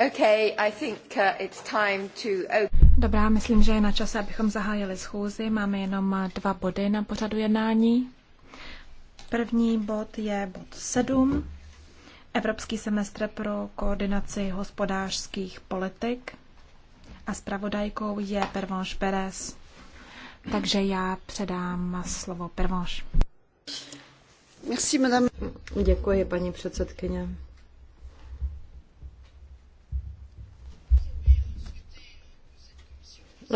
Uh, Dobrá, myslím, že je na čase, abychom zahájili schůzi. Máme jenom uh, dva body na pořadu jednání. První bod je bod 7. Evropský semestr pro koordinaci hospodářských politik. A zpravodajkou je Pervanš Perez. Takže já předám slovo Pervanš. Děkuji, paní předsedkyně.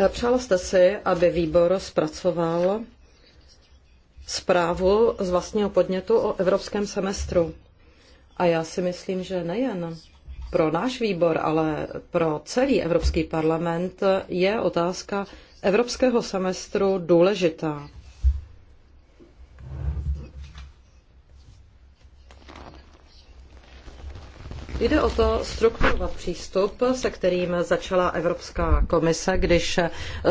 Přála jste si, aby výbor zpracoval zprávu z vlastního podnětu o evropském semestru. A já si myslím, že nejen pro náš výbor, ale pro celý Evropský parlament je otázka evropského semestru důležitá. Jde o to strukturovat přístup, se kterým začala Evropská komise, když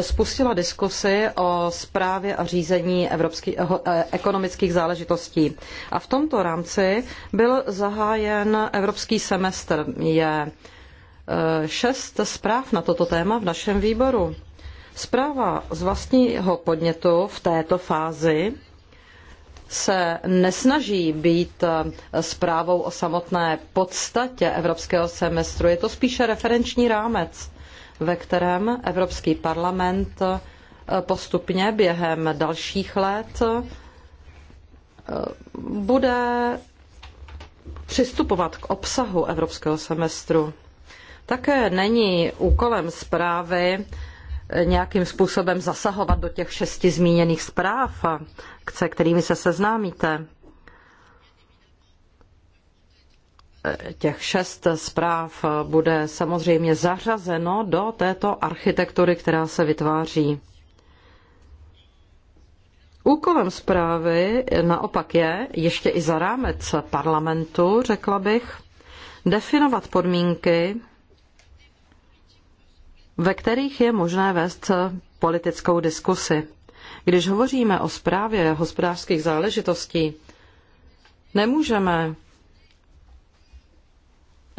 spustila diskusy o správě a řízení evropských eh, eh, ekonomických záležitostí. A v tomto rámci byl zahájen evropský semestr. Je eh, šest zpráv na toto téma v našem výboru. Zpráva z vlastního podnětu v této fázi se nesnaží být eh, zprávou o samotné podstatě evropského semestru. Je to spíše referenční rámec, ve kterém Evropský parlament eh, postupně během dalších let eh, bude přistupovat k obsahu evropského semestru. Také není úkolem zprávy nějakým způsobem zasahovat do těch šesti zmíněných zpráv, se kterými se seznámíte. těch šest zpráv bude samozřejmě zařazeno do této architektury, která se vytváří. Úkolem zprávy naopak je, ještě i za rámec parlamentu, řekla bych, definovat podmínky, ve kterých je možné vést politickou diskusi. Když hovoříme o zprávě hospodářských záležitostí, nemůžeme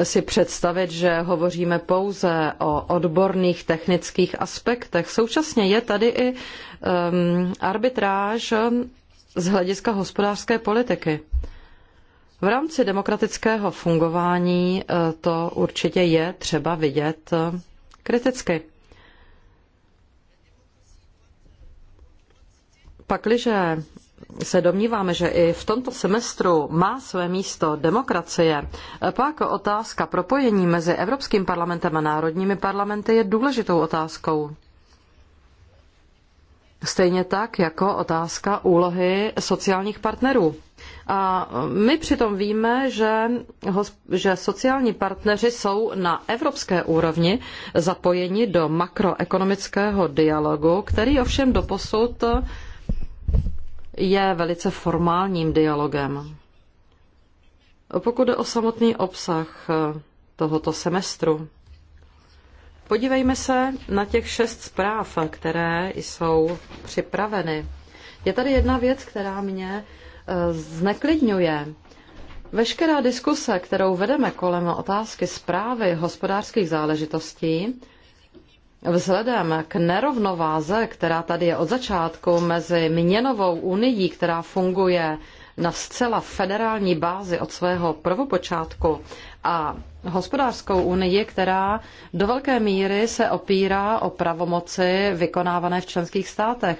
si představit, že hovoříme pouze o odborných technických aspektech. Současně je tady i um, arbitráž z hlediska hospodářské politiky. V rámci demokratického fungování eh, to určitě je třeba vidět Kritické. Pakliže se domníváme, že i v tomto semestru má své místo demokracie, pak otázka propojení mezi Evropským parlamentem a národními parlamenty je důležitou otázkou. Stejně tak jako otázka úlohy sociálních partnerů. A my přitom víme, že, že sociální partneři jsou na evropské úrovni zapojeni do makroekonomického dialogu, který ovšem doposud je velice formálním dialogem. Pokud jde o samotný obsah eh, tohoto semestru, podívejme se na těch šest zpráv, které jsou připraveny. Je tady jedna věc, která mě Eh, zneklidňuje. Veškerá diskuse, kterou vedeme kolem otázky zprávy hospodářských záležitostí, Vzhledem k nerovnováze, která tady je od začátku mezi měnovou unii, která funguje na zcela federální bázi od svého prvopočátku, a hospodářskou unii, která do velké míry se opírá o pravomoci vykonávané v členských státech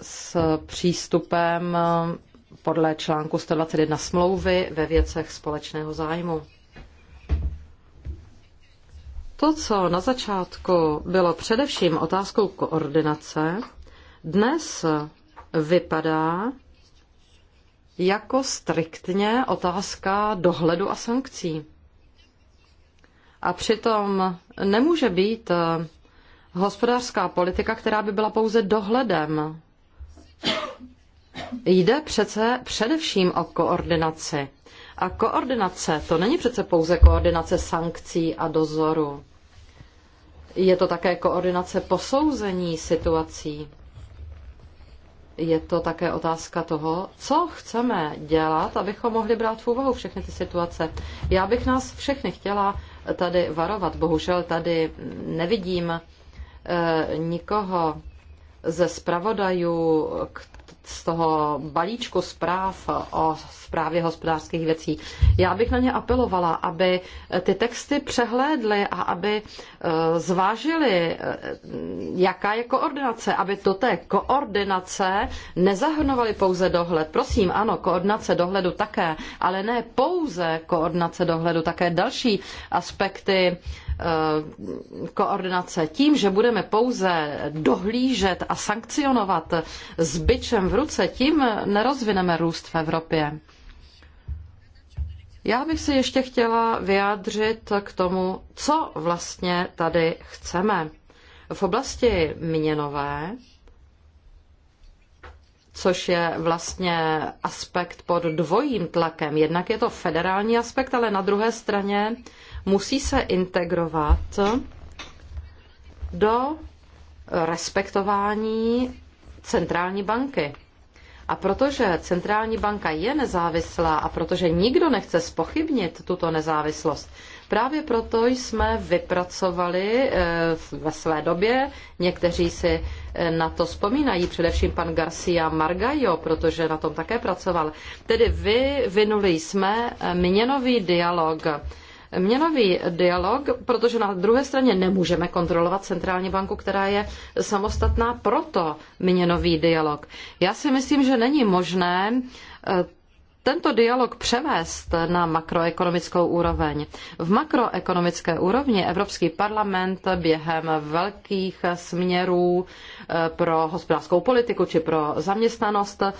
s přístupem eh, podle článku 121 smlouvy ve věcech společného zájmu. To, co na začátku bylo především otázkou koordinace, dnes vypadá jako striktně otázka dohledu a sankcí. A přitom nemůže být eh, hospodářská politika, která by byla pouze dohledem Jde přece především o koordinaci. A koordinace, to není přece pouze koordinace sankcí a dozoru. Je to také koordinace posouzení situací. Je to také otázka toho, co chceme dělat, abychom mohli brát v úvahu všechny ty situace. Já bych nás všechny chtěla tady varovat. Bohužel tady nevidím eh, nikoho ze zpravodajů z toho balíčku zpráv o zprávě hospodářských věcí. Já bych na ně apelovala, aby ty texty přehlédly a aby e, zvážili, e, jaká je koordinace, aby do té koordinace nezahrnovali pouze dohled. Prosím, ano, koordinace dohledu také, ale ne pouze koordinace dohledu, také další aspekty Eh, koordinace tím, že budeme pouze dohlížet a sankcionovat s byčem v ruce, tím nerozvineme růst v Evropě. Já bych se ještě chtěla vyjádřit k tomu, co vlastně tady chceme. V oblasti měnové, což je vlastně aspekt pod dvojím tlakem, jednak je to federální aspekt, ale na druhé straně musí se integrovat do respektování centrální banky. A protože centrální banka je nezávislá a protože nikdo nechce spochybnit tuto nezávislost, právě proto jsme vypracovali eh, ve své době, někteří si eh, na to vzpomínají, především pan Garcia Margallo, protože na tom také pracoval. Tedy vyvinuli jsme eh, měnový dialog měnový dialog, protože na druhé straně nemůžeme kontrolovat centrální banku, která je samostatná, proto měnový dialog. Já si myslím, že není možné eh, tento dialog převést na makroekonomickou úroveň. V makroekonomické úrovni Evropský parlament během velkých směrů eh, pro hospodářskou politiku či pro zaměstnanost eh,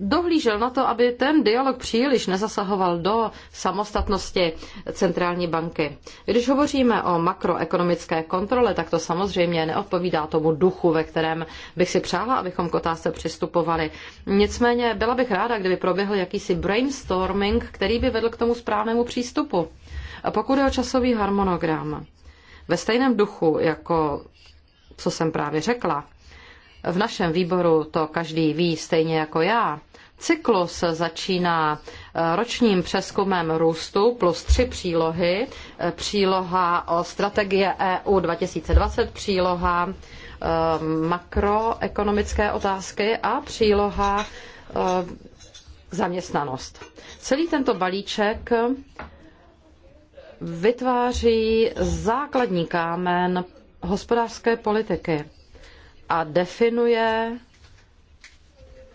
dohlížel na to, aby ten dialog příliš nezasahoval do samostatnosti centrální banky. Když hovoříme o makroekonomické kontrole, tak to samozřejmě neodpovídá tomu duchu, ve kterém bych si přála, abychom k otázce přistupovali. Nicméně byla bych ráda, kdyby proběhl jakýsi brainstorming, který by vedl k tomu správnému přístupu. A pokud je o časový harmonogram, ve stejném duchu, jako co jsem právě řekla, v našem výboru to každý ví stejně jako já, cyklus začíná eh, ročním přeskumem růstu plus tři přílohy. Eh, příloha o strategie EU 2020, příloha eh, makroekonomické otázky a příloha zaměstnanost. Celý tento balíček vytváří základní kámen hospodářské politiky a definuje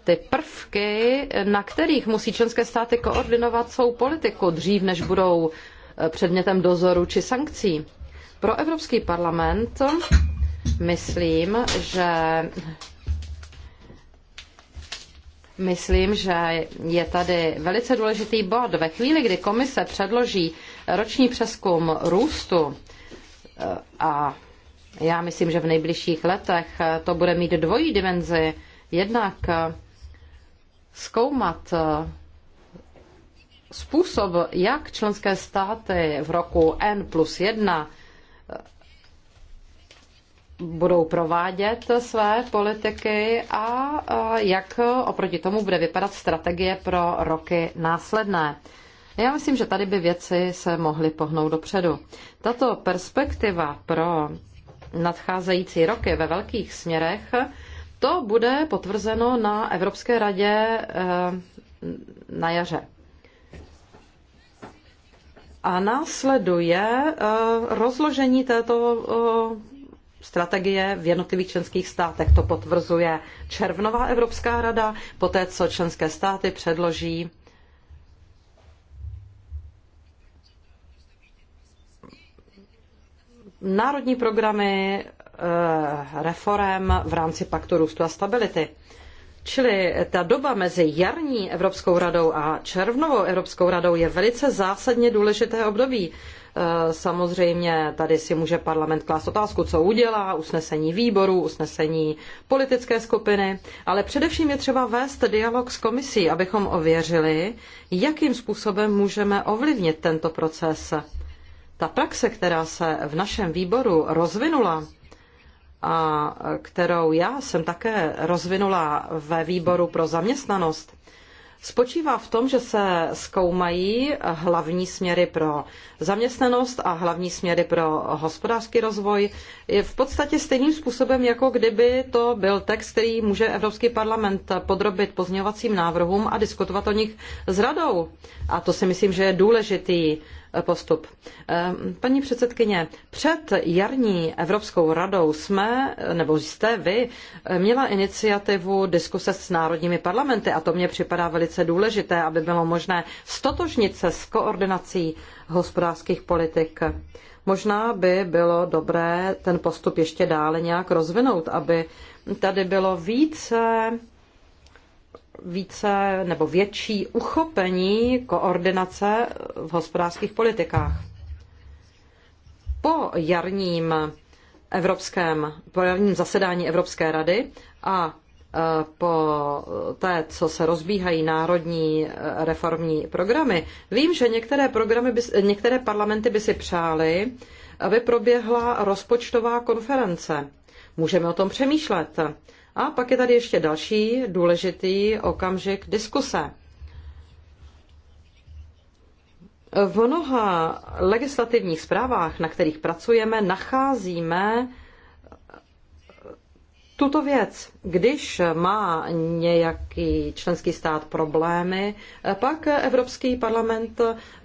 ty prvky, na kterých musí členské státy koordinovat svou politiku dřív, než budou eh, předmětem dozoru či sankcí. Pro Evropský parlament myslím, že Myslím, že je tady velice důležitý bod. Ve chvíli, kdy komise předloží roční přeskum růstu eh, a já myslím, že v nejbližších letech to bude mít dvojí dimenzi. Jednak eh, zkoumat eh, způsob, jak členské státy v roku N plus 1 eh, budou provádět své politiky a jak oproti tomu bude vypadat strategie pro roky následné. Já myslím, že tady by věci se mohly pohnout dopředu. Tato perspektiva pro nadcházející roky ve velkých směrech, to bude potvrzeno na Evropské radě eh, na jaře. A následuje eh, rozložení této eh, strategie v jednotlivých členských státech. To potvrzuje červnová Evropská rada, poté co členské státy předloží národní programy eh, reform v rámci paktu růstu a stability. Čili ta doba mezi jarní Evropskou radou a červnovou Evropskou radou je velice zásadně důležité období. Eh, samozřejmě tady si může parlament klást otázku, co udělá, usnesení výboru, usnesení politické skupiny, ale především je třeba vést dialog s komisí, abychom ověřili, jakým způsobem můžeme ovlivnit tento proces ta praxe, která se v našem výboru rozvinula a kterou já jsem také rozvinula ve výboru pro zaměstnanost, spočívá v tom, že se zkoumají hlavní směry pro zaměstnanost a hlavní směry pro hospodářský rozvoj. Je v podstatě stejným způsobem, jako kdyby to byl text, který může Evropský parlament podrobit pozměňovacím návrhům a diskutovat o nich s radou. A to si myslím, že je důležitý postup. Ehm, paní předsedkyně, před jarní Evropskou radou jsme, nebo jste vy, měla iniciativu diskuse s národními parlamenty a to mně připadá velice důležité, aby bylo možné stotožnit se s koordinací hospodářských politik. Možná by bylo dobré ten postup ještě dále nějak rozvinout, aby tady bylo více více nebo větší uchopení koordinace v hospodářských politikách. Po jarním evropském, po jarním zasedání Evropské rady a e, po té, co se rozbíhají národní e, reformní programy, vím, že některé, programy by, některé parlamenty by si přáli, aby proběhla rozpočtová konference. Můžeme o tom přemýšlet. A pak je tady ještě další důležitý okamžik diskuse. V mnoha legislativních zprávách, na kterých pracujeme, nacházíme tuto věc. Když má nějaký členský stát problémy, pak Evropský parlament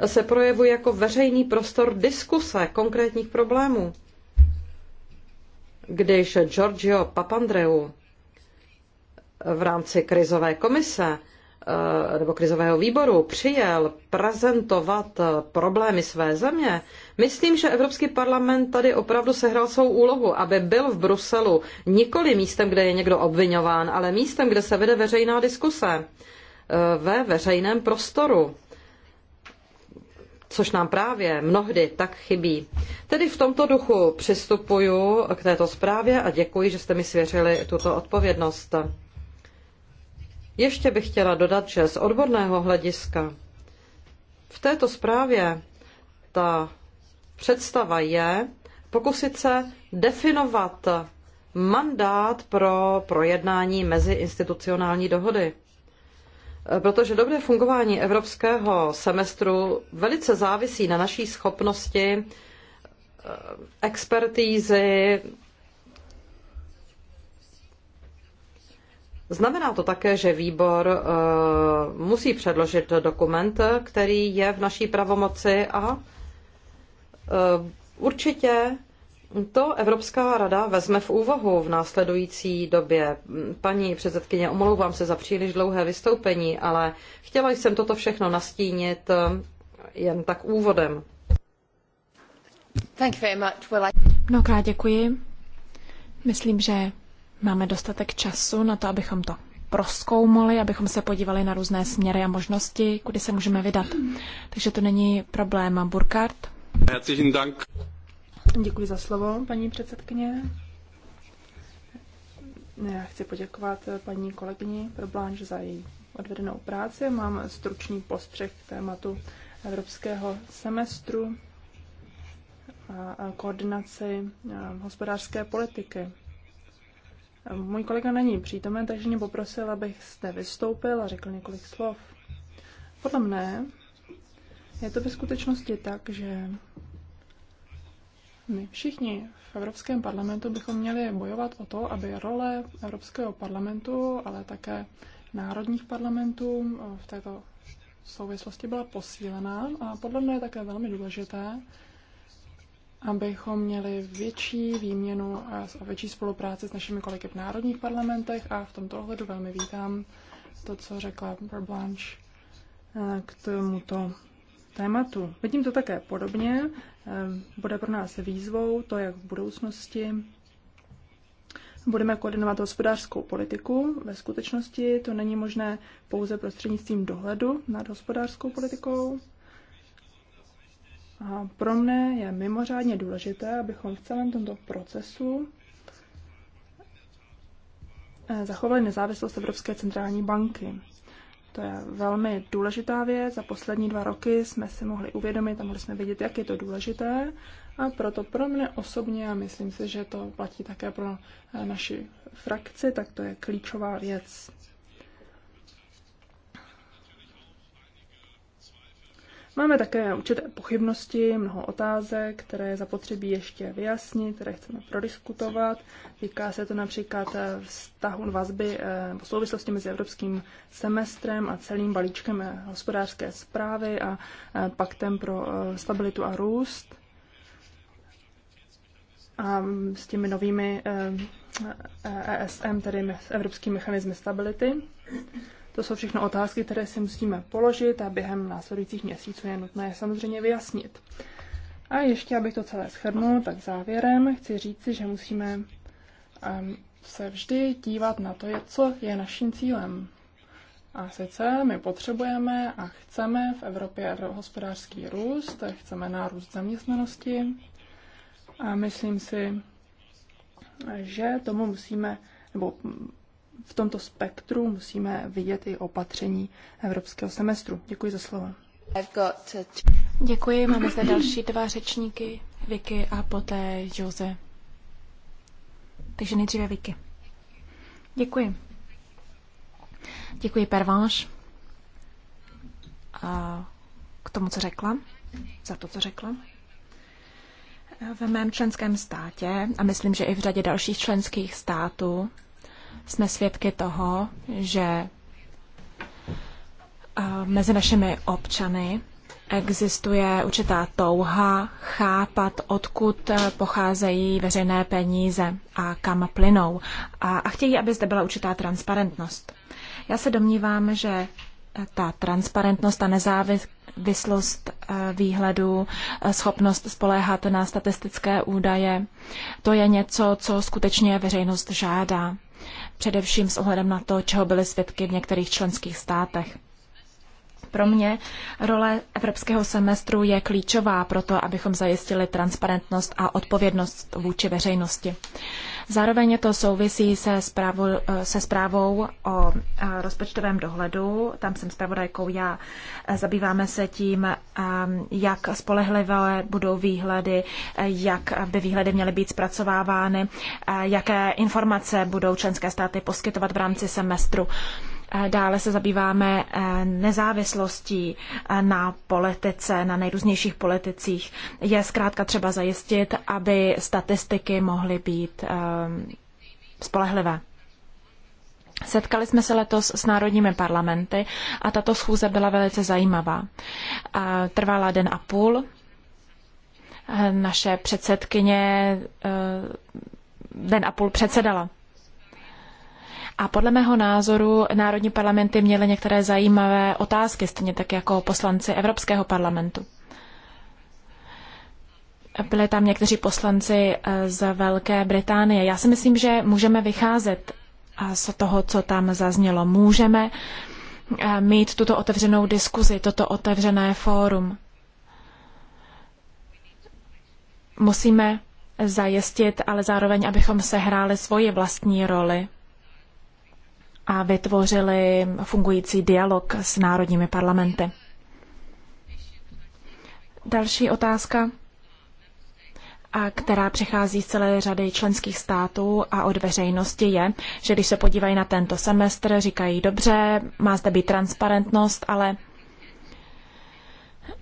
se projevuje jako veřejný prostor diskuse konkrétních problémů. Když Giorgio Papandreou v rámci krizové komise eh, nebo krizového výboru přijel prezentovat eh, problémy své země, myslím, že Evropský parlament tady opravdu sehrál svou úlohu, aby byl v Bruselu nikoli místem, kde je někdo obvinován, ale místem, kde se vede veřejná diskuse eh, ve veřejném prostoru což nám právě mnohdy tak chybí. Tedy v tomto duchu přistupuju k této zprávě a děkuji, že jste mi svěřili tuto odpovědnost. Ještě bych chtěla dodat, že z odborného hlediska v této zprávě ta představa je pokusit se definovat mandát pro projednání meziinstitucionální dohody. Protože dobré fungování evropského semestru velice závisí na naší schopnosti eh, expertízy, Znamená to také, že výbor eh, musí předložit dokument, který je v naší pravomoci a eh, určitě to Evropská rada vezme v úvahu v následující době. Paní předsedkyně, omlouvám se za příliš dlouhé vystoupení, ale chtěla jsem toto všechno nastínit eh, jen tak úvodem. Thank you very much. Mnohokrát děkuji. Myslím, že Máme dostatek času na to, abychom to proskoumali, abychom se podívali na různé směry a možnosti, kudy se můžeme vydat. Takže to není problém. Burkhardt? Herzlichen Dank. Děkuji za slovo, paní předsedkyně. Já chci poděkovat paní kolegyni Probláč za její odvedenou práci. Mám stručný postřeh k tématu evropského semestru a koordinaci hospodářské politiky. Můj kolega není přítomen, takže mě poprosil, abych zde vystoupil a řekl několik slov. Podle mne je to ve skutečnosti tak, že my všichni v Evropském parlamentu bychom měli bojovat o to, aby role Evropského parlamentu, ale také národních parlamentů v této souvislosti byla posílená a podle mě je také velmi důležité, abychom měli větší výměnu a větší spolupráci s našimi kolegy v národních parlamentech a v tomto ohledu velmi vítám to, co řekla Blanche eh, k tomuto tématu. Vidím to také podobně. Eh, bude pro nás výzvou to, jak v budoucnosti budeme koordinovat hospodářskou politiku. Ve skutečnosti to není možné pouze prostřednictvím dohledu nad hospodářskou politikou, a pro mne je mimořádně důležité, abychom v celém tomto procesu eh, zachovali nezávislost Evropské centrální banky. To je velmi důležitá věc. Za poslední dva roky jsme si mohli uvědomit a mohli jsme vidět, jak je to důležité. A proto pro mne osobně, a myslím si, že to platí také pro eh, naši frakci, tak to je klíčová věc. Máme také určité pochybnosti, mnoho otázek, které je zapotřebí ještě vyjasnit, které chceme prodiskutovat. Týká se to například eh, vztahu vazby v eh, souvislosti mezi evropským semestrem a celým balíčkem eh, hospodářské zprávy a paktem pro stabilitu a růst a mm, s těmi novými ESM, e tedy Evropský mechanismy stability. To jsou všechno otázky, které si musíme položit a během následujících měsíců je nutné je samozřejmě vyjasnit. A ještě, abych to celé shrnul, tak závěrem chci říci, že musíme um, se vždy dívat na to, co je naším cílem. A sice my potřebujeme a chceme v Evropě hospodářský růst, chceme nárůst zaměstnanosti a myslím si, že tomu musíme, nebo v tomto spektru musíme vidět i opatření evropského semestru. Děkuji za slovo. Děkuji, máme zde další dva řečníky, Vicky a poté Jose. Takže nejdříve Vicky. Děkuji. Děkuji Pervanš a k tomu, co řekla, za to, co řekla. Ve mém členském státě, a myslím, že i v řadě dalších členských států, jsme svědky toho, že eh, mezi našimi občany existuje určitá touha chápat, odkud eh, pocházejí veřejné peníze a kam plynou. A, a chtějí, aby zde byla určitá transparentnost. Já se domnívám, že eh, ta transparentnost a nezávislost výhledu, schopnost spoléhat na statistické údaje, to je něco, co skutečně veřejnost žádá především s ohledem na to, čeho byly svědky v některých členských státech. Pro mě role evropského semestru je klíčová pro to, abychom zajistili transparentnost a odpovědnost vůči veřejnosti. Zároveň to souvisí se zprávou, eh, se zprávou o eh, rozpočtovém dohledu. Tam jsem zpravodajkou já. Eh, zabýváme se tím, ehm, jak spolehlivé budou výhledy, jak by výhledy měly být zpracovávány, jaké informace budou členské státy poskytovat v rámci semestru. Eh, dále se zabýváme eh, nezávislostí eh, na politice, na nejrůznějších politicích. Je zkrátka třeba zajistit, aby statistiky mohly být spolehlivé. Setkali jsme se letos s národními parlamenty a tato schůze byla velice zajímavá. Trvala den a půl. Naše předsedkyně den a půl předsedala. A podle mého názoru národní parlamenty měly některé zajímavé otázky, stejně tak jako poslanci Evropského parlamentu. Byli tam někteří poslanci eh, z Velké Británie. Já si myslím, že můžeme vycházet eh, z toho, co tam zaznělo. Můžeme eh, mít tuto otevřenou diskuzi, toto otevřené fórum. Musíme zajistit, ale zároveň, abychom sehráli svoji vlastní roli a vytvořili fungující dialog s národními parlamenty. Další otázka, a která přichází z celé řady členských států a od veřejnosti, je, že když se podívají na tento semestr, říkají, dobře, má zde být transparentnost, ale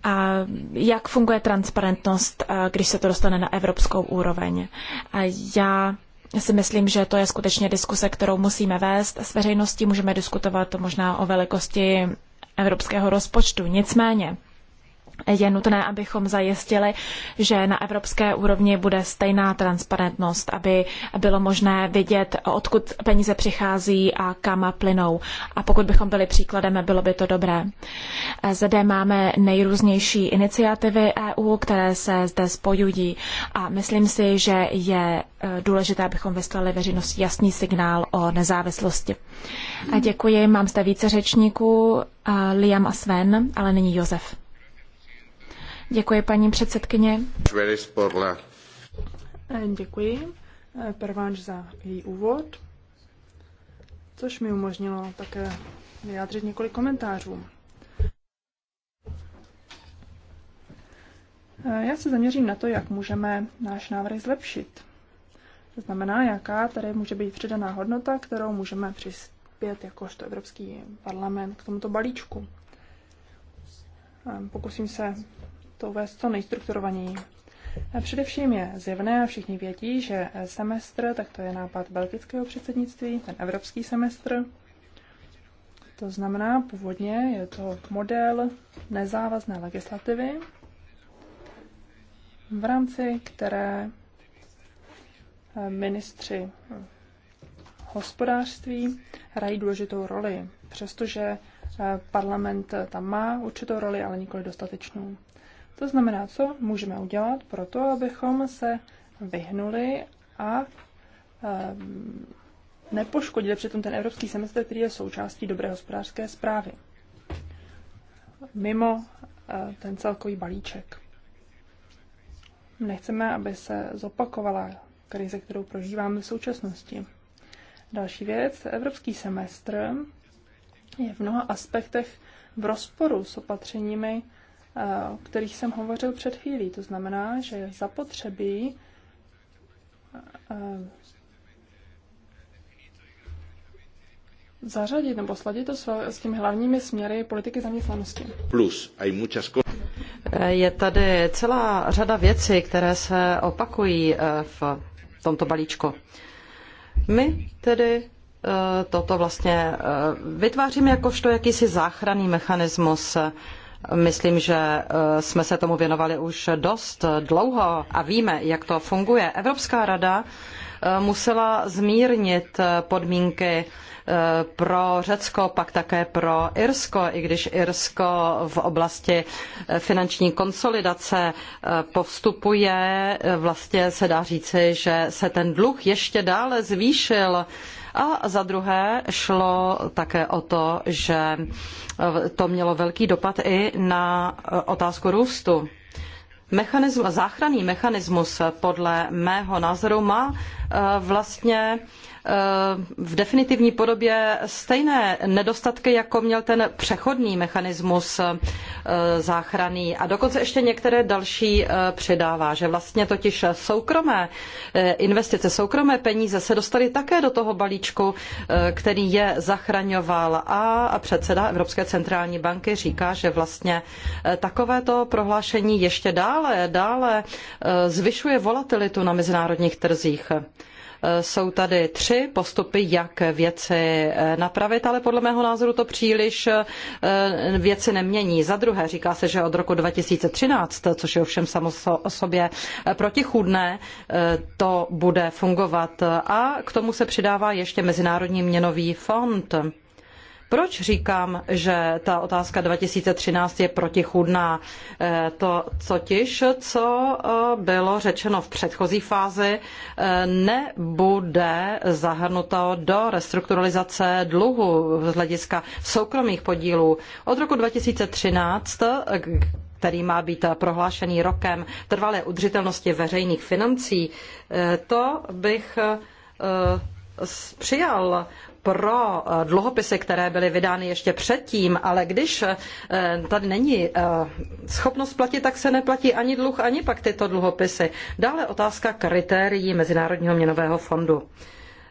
a jak funguje transparentnost, když se to dostane na evropskou úroveň? A já si myslím, že to je skutečně diskuse, kterou musíme vést s veřejností. Můžeme diskutovat možná o velikosti evropského rozpočtu. Nicméně, je nutné, abychom zajistili, že na evropské úrovni bude stejná transparentnost, aby bylo možné vidět, odkud peníze přichází a kam plynou. A pokud bychom byli příkladem, bylo by to dobré. Zde máme nejrůznější iniciativy EU, které se zde spojují a myslím si, že je eh, důležité, abychom vyslali veřejnosti jasný signál o nezávislosti. A děkuji, mám zde více řečníků, eh, Liam a Sven, ale nyní Josef. Děkuji, paní předsedkyně. Eh, děkuji, eh, Pervánž, za její úvod, což mi umožnilo také vyjádřit několik komentářů. Eh, já se zaměřím na to, jak můžeme náš návrh zlepšit. To znamená, jaká tady může být přidaná hodnota, kterou můžeme přispět jakožto Evropský parlament k tomuto balíčku. Pokusím se to uvést co nejstrukturovaněji. Především je zjevné a všichni vědí, že semestr, tak to je nápad belgického předsednictví, ten evropský semestr. To znamená, původně je to model nezávazné legislativy, v rámci které eh, ministři hospodářství hrají důležitou roli, přestože eh, parlament tam má určitou roli, ale nikoli dostatečnou. To znamená, co můžeme udělat pro to, abychom se vyhnuli a ehm, nepoškodili přitom ten evropský semestr, který je součástí dobré hospodářské zprávy. Mimo e, ten celkový balíček. Nechceme, aby se zopakovala krize, kterou prožíváme v současnosti. Další věc, evropský semestr je v mnoha aspektech v rozporu s opatřeními, Eh, o kterých jsem hovořil před chvílí. To znamená, že zapotřebí eh, zařadit nebo sladit to s, těmi hlavními směry politiky zaměstnanosti. Plus, hay muchas cosas. Eh, je tady celá řada věcí, které se opakují v tomto balíčku. My tedy toto vlastně vytváříme jakožto jakýsi záchranný mechanismus Myslím, že eh, jsme se tomu věnovali už dost dlouho a víme, jak to funguje. Evropská rada eh, musela zmírnit eh, podmínky pro Řecko, pak také pro Irsko, i když Irsko v oblasti finanční konsolidace postupuje, vlastně se dá říci, že se ten dluh ještě dále zvýšil a za druhé šlo také o to, že to mělo velký dopad i na otázku růstu. Mechanizm, záchranný mechanismus podle mého názoru má Eh, vlastně eh, v definitivní podobě stejné nedostatky, jako měl ten přechodný mechanismus eh, záchranný a dokonce ještě některé další přidává, že vlastně totiž soukromé investice, soukromé peníze se dostaly také do toho balíčku, který je zachraňoval a předseda Evropské centrální banky říká, že vlastně takovéto prohlášení ještě dále, dále zvyšuje volatilitu na mezinárodních trzích. Eh, jsou tady tři postupy, jak věci eh, napravit, ale podle mého názoru to příliš eh, věci nemění. Za druhé, říká se, že od roku 2013, což je ovšem samo o sobě protichůdné, to bude fungovat. A k tomu se přidává ještě Mezinárodní měnový fond. Proč říkám, že ta otázka 2013 je protichůdná? Eh, to totiž, co eh, bylo řečeno v předchozí fázi, eh, nebude zahrnuto do restrukturalizace dluhu z hlediska soukromých podílů. Od roku 2013 který má být prohlášený rokem trvalé udržitelnosti veřejných financí, to bych přijal pro eh, dluhopisy, které byly vydány ještě předtím, ale když eh, tady není eh, schopnost platit, tak se neplatí ani dluh, ani pak tyto dluhopisy. Dále otázka kritérií Mezinárodního měnového fondu.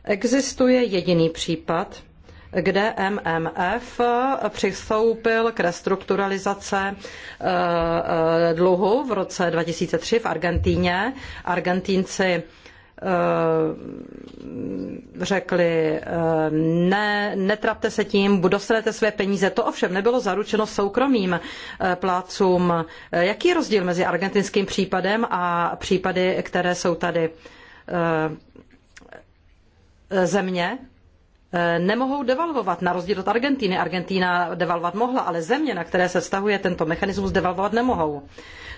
Existuje jediný případ, kde MMF přistoupil k restrukturalizaci dluhu v roce 2003 v Argentíně. Argentínci Eh, řekli, eh, ne, netrapte se tím, dostanete své peníze. To ovšem nebylo zaručeno soukromým eh, plácům. Jaký je rozdíl mezi argentinským případem a případy, které jsou tady země, Eh, nemohou devalvovat, na rozdíl od Argentíny. Argentína devalvovat mohla, ale země, na které se vztahuje tento mechanismus, devalvovat nemohou.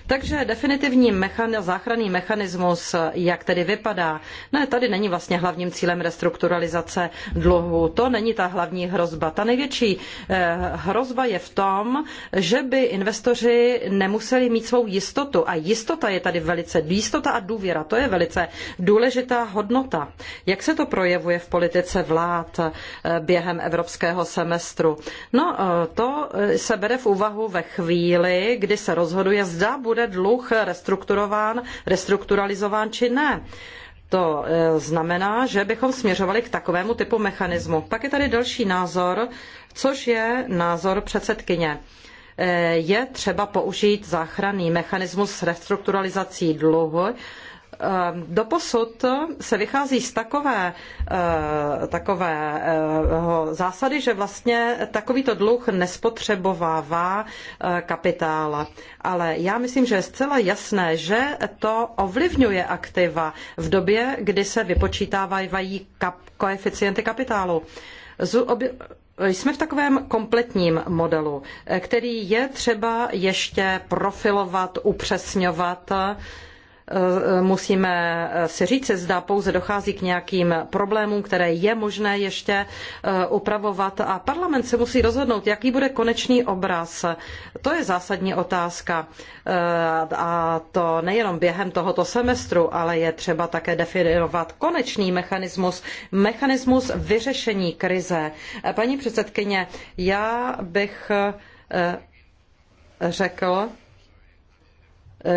Takže definitivní mechan, záchranný mechanismus, jak tedy vypadá, ne, tady není vlastně hlavním cílem restrukturalizace dluhu. To není ta hlavní hrozba. Ta největší eh, hrozba je v tom, že by investoři nemuseli mít svou jistotu. A jistota je tady velice, jistota a důvěra, to je velice důležitá hodnota. Jak se to projevuje v politice vlád? Eh, během evropského semestru. No, eh, to eh, se bere v úvahu ve chvíli, kdy se rozhoduje, zda bude dluh restrukturován, restrukturalizován či ne. To znamená, že bychom směřovali k takovému typu mechanismu. Pak je tady další názor, což je názor předsedkyně je třeba použít záchranný mechanismus restrukturalizací dluhu Eh, doposud se vychází z takové, eh, takové eh, zásady, že vlastně takovýto dluh nespotřebovává kapitál. Ale já myslím, že je zcela jasné, že to ovlivňuje aktiva v době, kdy se vypočítávají koeficienty kapitálu jsme v takovém kompletním modelu, který je třeba ještě profilovat, upřesňovat. Eh, musíme eh, si říci, zda pouze dochází k nějakým problémům, které je možné ještě eh, upravovat a parlament se musí rozhodnout, jaký bude konečný obraz. To je zásadní otázka a to nejenom během tohoto semestru, ale je třeba také definovat konečný mechanismus, mechanismus vyřešení krize. Paní předsedkyně, já bych řekl,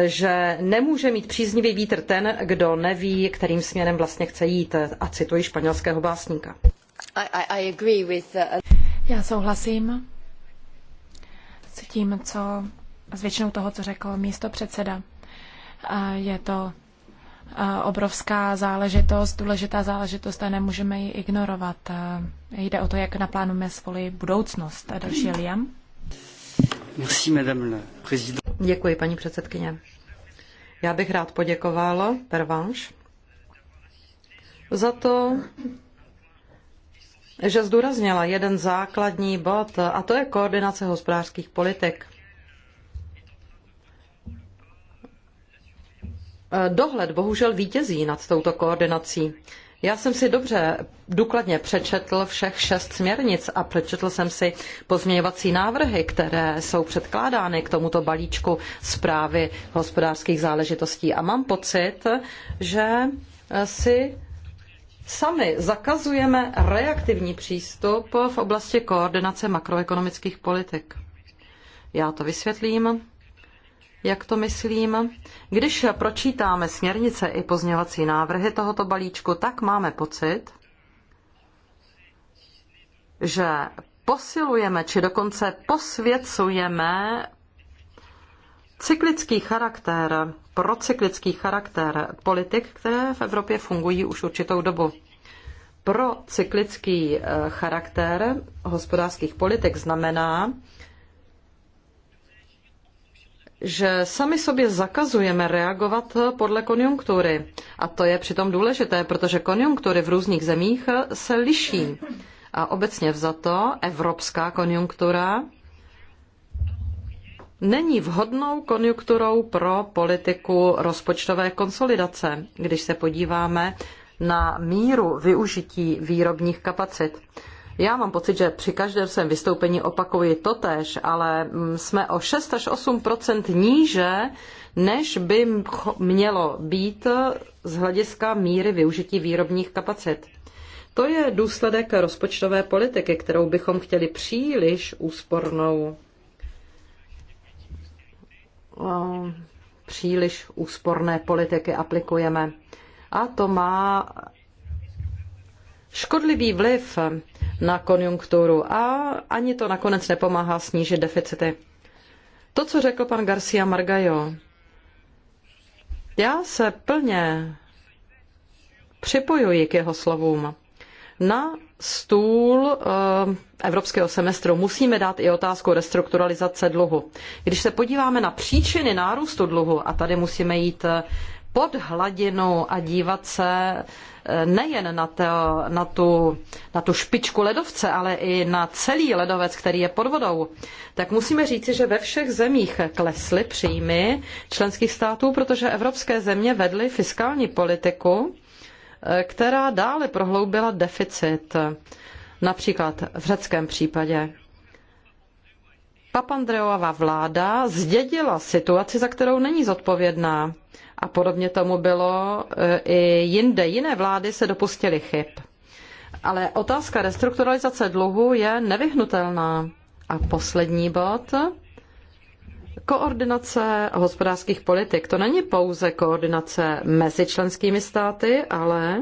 že nemůže mít příznivý vítr ten, kdo neví, kterým směrem vlastně chce jít. A cituji španělského básníka. I, I with... Uh, Já souhlasím s tím, co s většinou toho, co řekl místo předseda. Je to obrovská záležitost, důležitá záležitost a nemůžeme ji ignorovat. Jde o to, jak naplánujeme svoji budoucnost. Další Liam. Merci, madame la Děkuji, paní předsedkyně. Já bych rád poděkoval Pervanš za to, že zdůraznila jeden základní bod, a to je koordinace hospodářských politik. Dohled bohužel vítězí nad touto koordinací. Já jsem si dobře důkladně přečetl všech šest směrnic a přečetl jsem si pozměňovací návrhy, které jsou předkládány k tomuto balíčku zprávy hospodářských záležitostí. A mám pocit, že eh, si sami zakazujeme reaktivní přístup v oblasti koordinace makroekonomických politik. Já to vysvětlím jak to myslím. Když pročítáme směrnice i pozměňovací návrhy tohoto balíčku, tak máme pocit, že posilujeme, či dokonce posvěcujeme cyklický charakter, procyklický charakter politik, které v Evropě fungují už určitou dobu. Procyklický eh, charakter hospodářských politik znamená, že sami sobě zakazujeme reagovat podle konjunktury. A to je přitom důležité, protože konjunktury v různých zemích se liší. A obecně vzato evropská konjunktura není vhodnou konjunkturou pro politiku rozpočtové konsolidace, když se podíváme na míru využití výrobních kapacit. Já mám pocit, že při každém svém vystoupení opakuji totéž, ale mm, jsme o 6 až 8 níže, než by mělo být eh, z hlediska míry využití výrobních kapacit. To je důsledek rozpočtové politiky, kterou bychom chtěli příliš úspornou. Eh, příliš úsporné politiky aplikujeme. A to má škodlivý vliv na konjunkturu a ani to nakonec nepomáhá snížit deficity. To, co řekl pan Garcia Margallo, já se plně připojuji k jeho slovům. Na stůl eh, evropského semestru musíme dát i otázku restrukturalizace dluhu. Když se podíváme na příčiny nárůstu dluhu, a tady musíme jít eh, pod hladinu a dívat se eh, nejen na, to, na, tu, na tu špičku ledovce, ale i na celý ledovec, který je pod vodou, tak musíme říci, že ve všech zemích klesly příjmy členských států, protože evropské země vedly fiskální politiku, eh, která dále prohloubila deficit. Například v řeckém případě. Papandreová vláda zdědila situaci, za kterou není zodpovědná. A podobně tomu bylo e, i jinde. Jiné vlády se dopustily chyb. Ale otázka restrukturalizace dluhu je nevyhnutelná. A poslední bod. Koordinace hospodářských politik. To není pouze koordinace mezi členskými státy, ale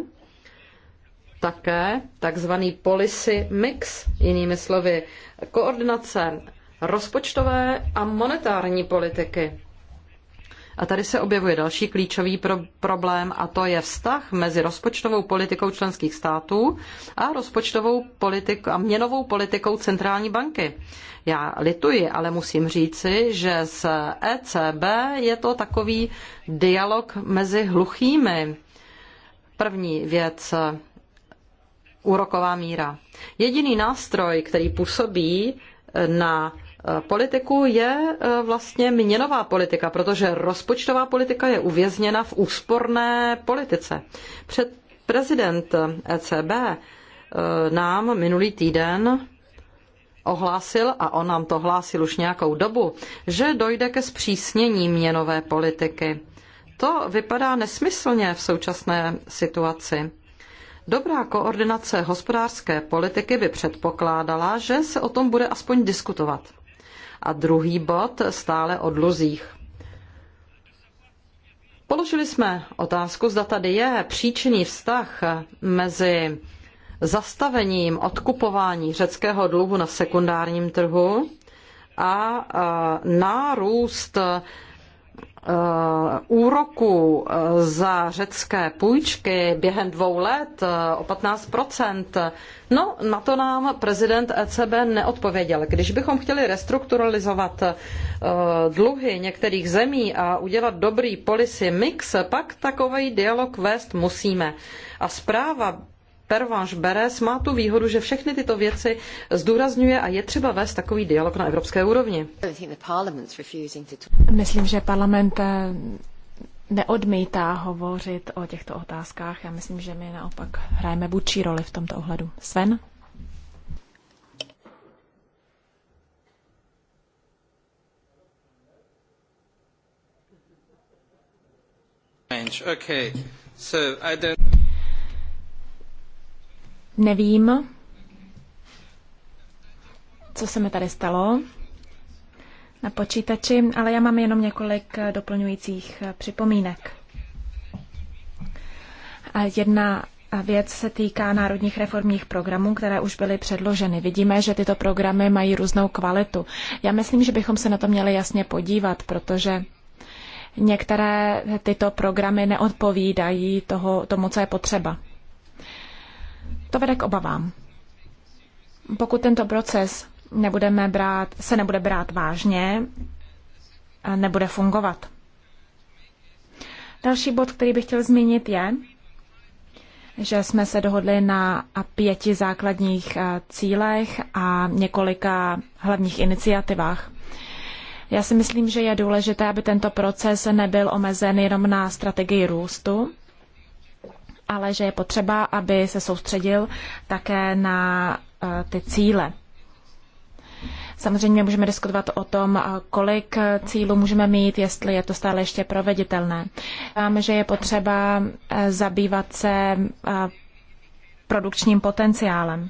také takzvaný policy mix, jinými slovy, koordinace rozpočtové a monetární politiky. A tady se objevuje další klíčový pro- problém a to je vztah mezi rozpočtovou politikou členských států a rozpočtovou politikou a měnovou politikou centrální banky. Já lituji, ale musím říci, že s ECB je to takový dialog mezi hluchými. První věc úroková míra. Jediný nástroj, který působí na Eh, politiku je eh, vlastně měnová politika, protože rozpočtová politika je uvězněna v úsporné politice. Před prezident ECB eh, nám minulý týden ohlásil, a on nám to hlásil už nějakou dobu, že dojde ke zpřísnění měnové politiky. To vypadá nesmyslně v současné situaci. Dobrá koordinace hospodářské politiky by předpokládala, že se o tom bude aspoň diskutovat. A druhý bod stále o dluzích. Položili jsme otázku, zda tady je příčný vztah mezi zastavením odkupování řeckého dluhu na sekundárním trhu a nárůst Eh, úroku eh, za řecké půjčky během dvou let eh, o 15 No, na to nám prezident ECB neodpověděl. Když bychom chtěli restrukturalizovat dluhy některých zemí a udělat dobrý policy mix, pak takový dialog vést musíme. A zpráva Pervanche Beres má tu výhodu, že všechny tyto věci zdůrazňuje a je třeba vést takový dialog na evropské úrovni. Myslím, že parlament eh, neodmítá hovořit o těchto otázkách. Já myslím, že my naopak hrajeme vůči roli v tomto ohledu. Sven? Okay. So I don't... Nevím, co se mi tady stalo na počítači, ale já mám jenom několik doplňujících připomínek. Jedna věc se týká národních reformních programů, které už byly předloženy. Vidíme, že tyto programy mají různou kvalitu. Já myslím, že bychom se na to měli jasně podívat, protože některé tyto programy neodpovídají toho, tomu, co je potřeba. To vede k obavám. Pokud tento proces nebudeme brát, se nebude brát vážně, nebude fungovat. Další bod, který bych chtěl zmínit, je, že jsme se dohodli na pěti základních eh, cílech a několika hlavních iniciativách. Já si myslím, že je důležité, aby tento proces nebyl omezen jenom na strategii růstu, ale že je potřeba, aby se soustředil také na eh, ty cíle. Samozřejmě můžeme diskutovat o tom, eh, kolik cílů můžeme mít, jestli je to stále ještě proveditelné. Vám, že je potřeba eh, zabývat se produkčním potenciálem.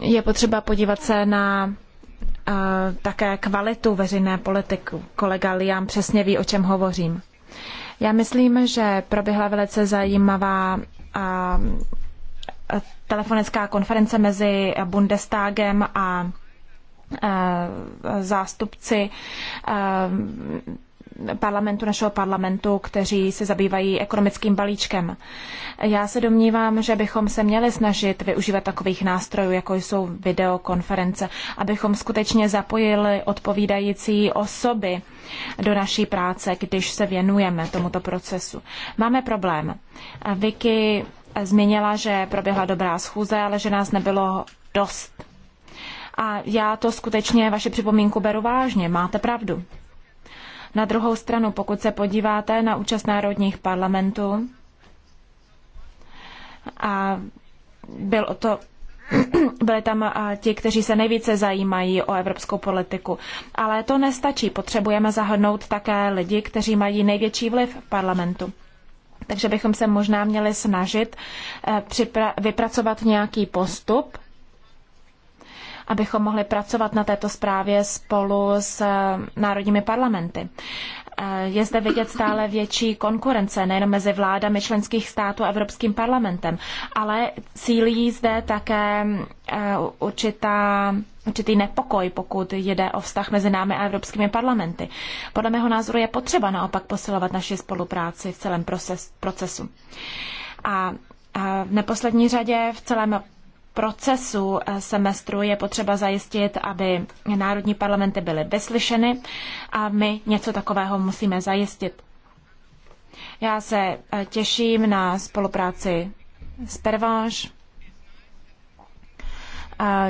Je potřeba podívat se na také kvalitu veřejné politiky. Kolega Liam přesně ví, o čem hovořím. Já myslím, že proběhla velice zajímavá telefonická konference mezi Bundestagem a zástupci parlamentu, našeho parlamentu, kteří se zabývají ekonomickým balíčkem. Já se domnívám, že bychom se měli snažit využívat takových nástrojů, jako jsou videokonference, abychom skutečně zapojili odpovídající osoby do naší práce, když se věnujeme tomuto procesu. Máme problém. Vicky zmínila, že proběhla dobrá schůze, ale že nás nebylo dost. A já to skutečně, vaše připomínku beru vážně, máte pravdu. Na druhou stranu, pokud se podíváte na účast národních parlamentů, a byl to, byli tam ti, kteří se nejvíce zajímají o evropskou politiku. Ale to nestačí. Potřebujeme zahrnout také lidi, kteří mají největší vliv v parlamentu. Takže bychom se možná měli snažit eh, vypracovat nějaký postup, abychom mohli pracovat na této zprávě spolu s eh, národními parlamenty. Eh, je zde vidět stále větší konkurence nejen mezi vládami členských států a Evropským parlamentem, ale cílí zde také eh, určitá, určitý nepokoj, pokud jde o vztah mezi námi a Evropskými parlamenty. Podle mého názoru je potřeba naopak posilovat naši spolupráci v celém proces, procesu. A v neposlední řadě v celém procesu eh, semestru je potřeba zajistit, aby národní parlamenty byly vyslyšeny a my něco takového musíme zajistit. Já se eh, těším na spolupráci s Pervanche.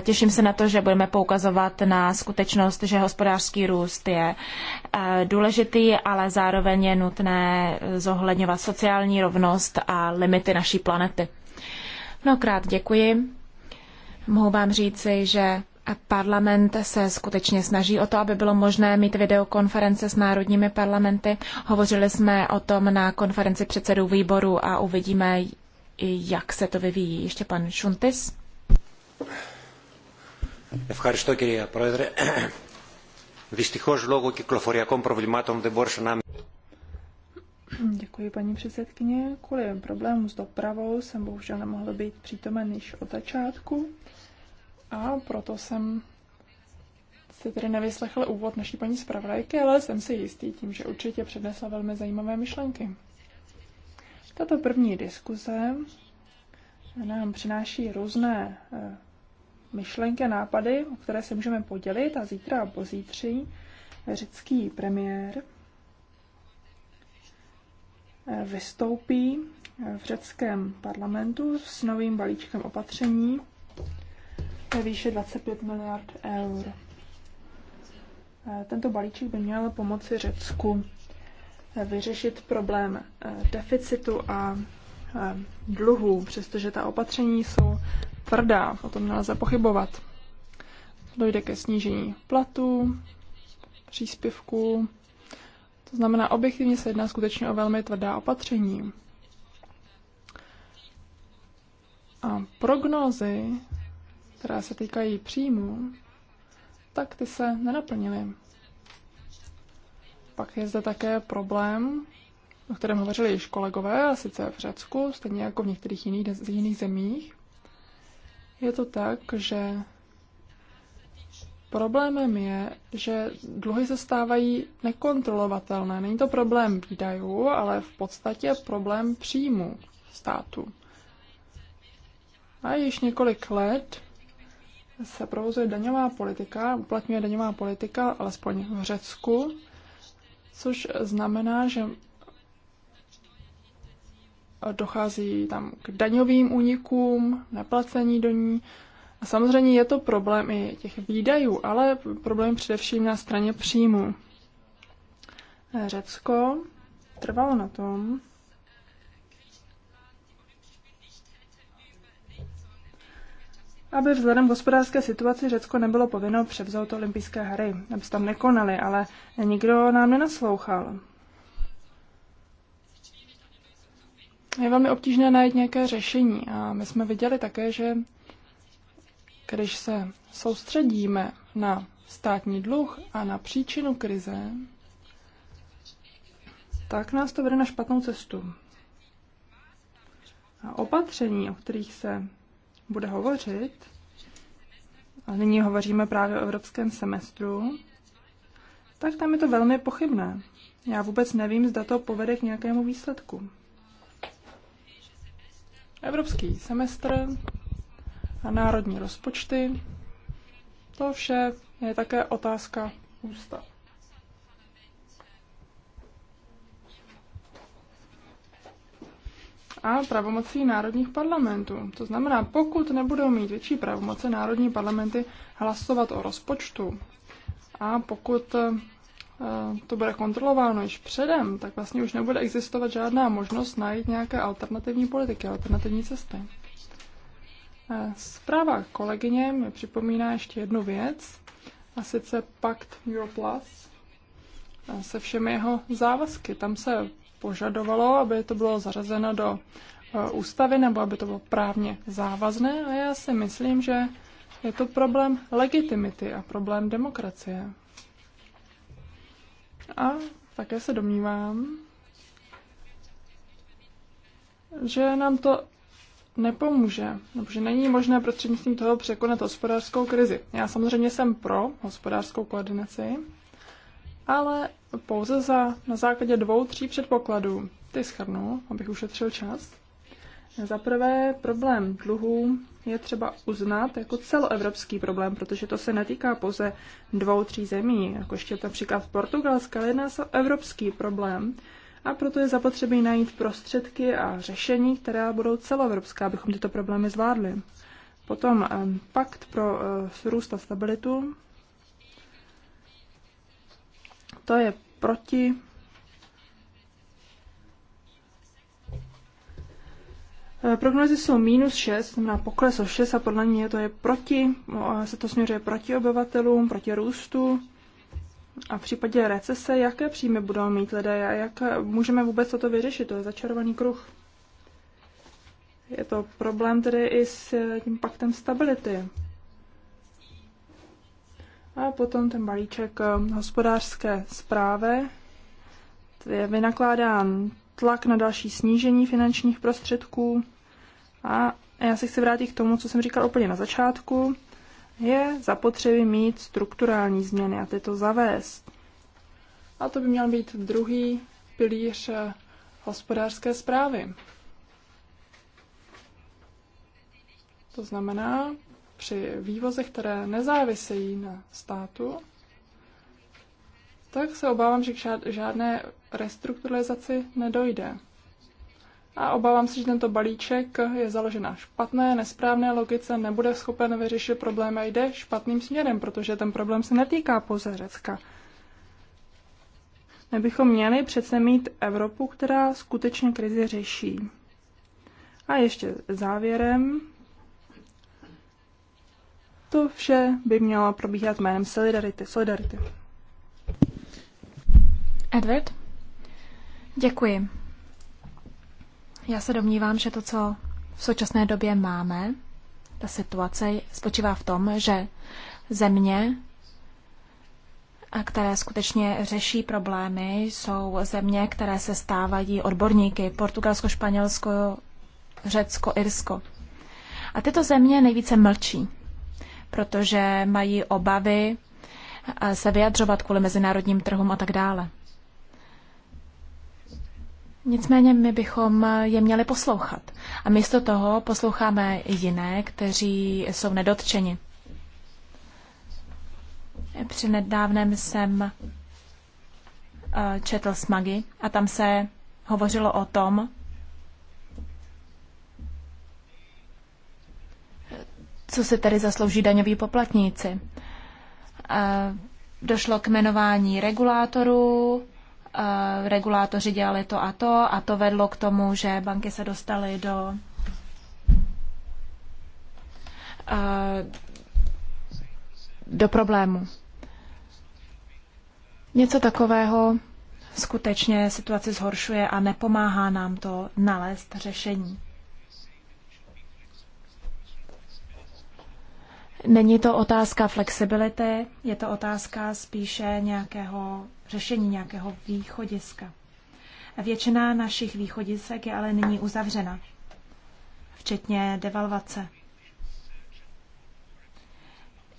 Těším se na to, že budeme poukazovat na skutečnost, že hospodářský růst je eh, důležitý, ale zároveň je nutné zohledňovat sociální rovnost a limity naší planety. Mnohokrát děkuji. Mohu vám říci, že Parlament se skutečně snaží o to, aby bylo možné mít videokonference s národními parlamenty. Hovořili jsme o tom na konferenci předsedů výboru a uvidíme, jak se to vyvíjí. Ještě pan Šuntis. Ευχαριστώ κυρία Πρόεδρε. Δυστυχώς λόγω κυκλοφοριακών προβλημάτων δεν μπόρεσα να Děkuji, paní předsedkyně. Kvůli problému s dopravou jsem bohužel nemohl být přítomen již od začátku a proto jsem si tedy nevyslechl úvod naší paní zpravodajky, ale jsem si jistý tím, že určitě přednesla velmi zajímavé myšlenky. Tato první diskuze nám přináší různé eh, myšlenky a nápady, o které se můžeme podělit a zítra a pozítří řecký premiér vystoupí v řeckém parlamentu s novým balíčkem opatření ve výši 25 miliard eur. Eh, tento balíček by měl pomoci Řecku eh, vyřešit problém eh, deficitu a dluhů, přestože ta opatření jsou tvrdá, o tom nelze pochybovat. Dojde ke snížení platů, příspěvků, to znamená, objektivně se jedná skutečně o velmi tvrdá opatření. A prognózy, které se týkají příjmů, tak ty se nenaplnily. Pak je zde také problém, o kterém hovořili již kolegové, a sice v Řecku, stejně jako v některých jiných, jiných zemích. Je to tak, že Problémem je, že dluhy se stávají nekontrolovatelné. Není to problém výdajů, ale v podstatě problém příjmu státu. A již několik let se provozuje daňová politika, uplatňuje daňová politika, alespoň v Řecku, což znamená, že dochází tam k daňovým únikům, neplacení do ní a samozřejmě je to problém i těch výdajů, ale problém především na straně příjmu. Řecko trvalo na tom, aby vzhledem k hospodářské situaci Řecko nebylo povinno převzout olympijské hry, aby se tam nekonali, ale nikdo nám nenaslouchal. Je velmi obtížné najít nějaké řešení a my jsme viděli také, že když se soustředíme na státní dluh a na příčinu krize, tak nás to vede na špatnou cestu. A opatření, o kterých se bude hovořit, a nyní hovoříme právě o evropském semestru, tak tam je to velmi pochybné. Já vůbec nevím, zda to povede k nějakému výsledku. Evropský semestr a národní rozpočty. To vše je také otázka ústav. A pravomocí národních parlamentů. To znamená, pokud nebudou mít větší pravomoce národní parlamenty hlasovat o rozpočtu a pokud eh, to bude kontrolováno již předem, tak vlastně už nebude existovat žádná možnost najít nějaké alternativní politiky, alternativní cesty. Zpráva kolegyně mi připomíná ještě jednu věc, a sice pakt Europlus se všemi jeho závazky. Tam se požadovalo, aby to bylo zařazeno do e, ústavy nebo aby to bylo právně závazné a já si myslím, že je to problém legitimity a problém demokracie. A také se domnívám, že nám to nepomůže, nebo že není možné prostřednictvím toho překonat hospodářskou krizi. Já samozřejmě jsem pro hospodářskou koordinaci, ale pouze za, na základě dvou, tří předpokladů. Ty schrnu, abych ušetřil čas. Za prvé, problém dluhů je třeba uznat jako celoevropský problém, protože to se netýká pouze dvou, tří zemí, jako ještě například Portugalska, ale jedná se o evropský problém, a proto je zapotřebí najít prostředky a řešení, která budou celoevropská, abychom tyto problémy zvládli. Potom pakt pro eh, růst a stabilitu. To je proti eh, Prognozy jsou minus 6, znamená pokles o 6 a podle mě to je proti, se to směřuje proti obyvatelům, proti růstu. A v případě recese, jaké příjmy budou mít lidé a jak můžeme vůbec toto vyřešit? To je začarovaný kruh. Je to problém tedy i s tím paktem stability. A potom ten balíček eh, hospodářské zprávy je vynakládán tlak na další snížení finančních prostředků. A já se chci vrátit k tomu, co jsem říkal úplně na začátku je zapotřebí mít strukturální změny a tyto zavést. A to by měl být druhý pilíř eh, hospodářské zprávy. To znamená, při vývozech, které nezávisejí na státu, tak se obávám, že k žádné restrukturalizaci nedojde. A obávám se, že tento balíček je založen na špatné, nesprávné logice, nebude schopen vyřešit problém a jde špatným směrem, protože ten problém se netýká pouze Řecka. My bychom měli přece mít Evropu, která skutečně krizi řeší. A ještě závěrem. To vše by mělo probíhat jménem Solidarity. Solidarity. Edward? Děkuji. Já se domnívám, že to, co v současné době máme, ta situace spočívá v tom, že země, které skutečně řeší problémy, jsou země, které se stávají odborníky. Portugalsko, Španělsko, Řecko, Irsko. A tyto země nejvíce mlčí, protože mají obavy eh, se vyjadřovat kvůli mezinárodním trhům a tak dále. Nicméně my bychom je měli poslouchat. A místo toho posloucháme jiné, kteří jsou nedotčeni. Při nedávném jsem eh, četl Smagy a tam se hovořilo o tom, co se tedy zaslouží daňoví poplatníci. Eh, došlo k jmenování regulátorů, regulátoři dělali to a to a to vedlo k tomu, že banky se dostaly do do problému. Něco takového skutečně situaci zhoršuje a nepomáhá nám to nalézt řešení. Není to otázka flexibility, je to otázka spíše nějakého řešení nějakého východiska. Většina našich východisek je ale nyní uzavřena, včetně devalvace.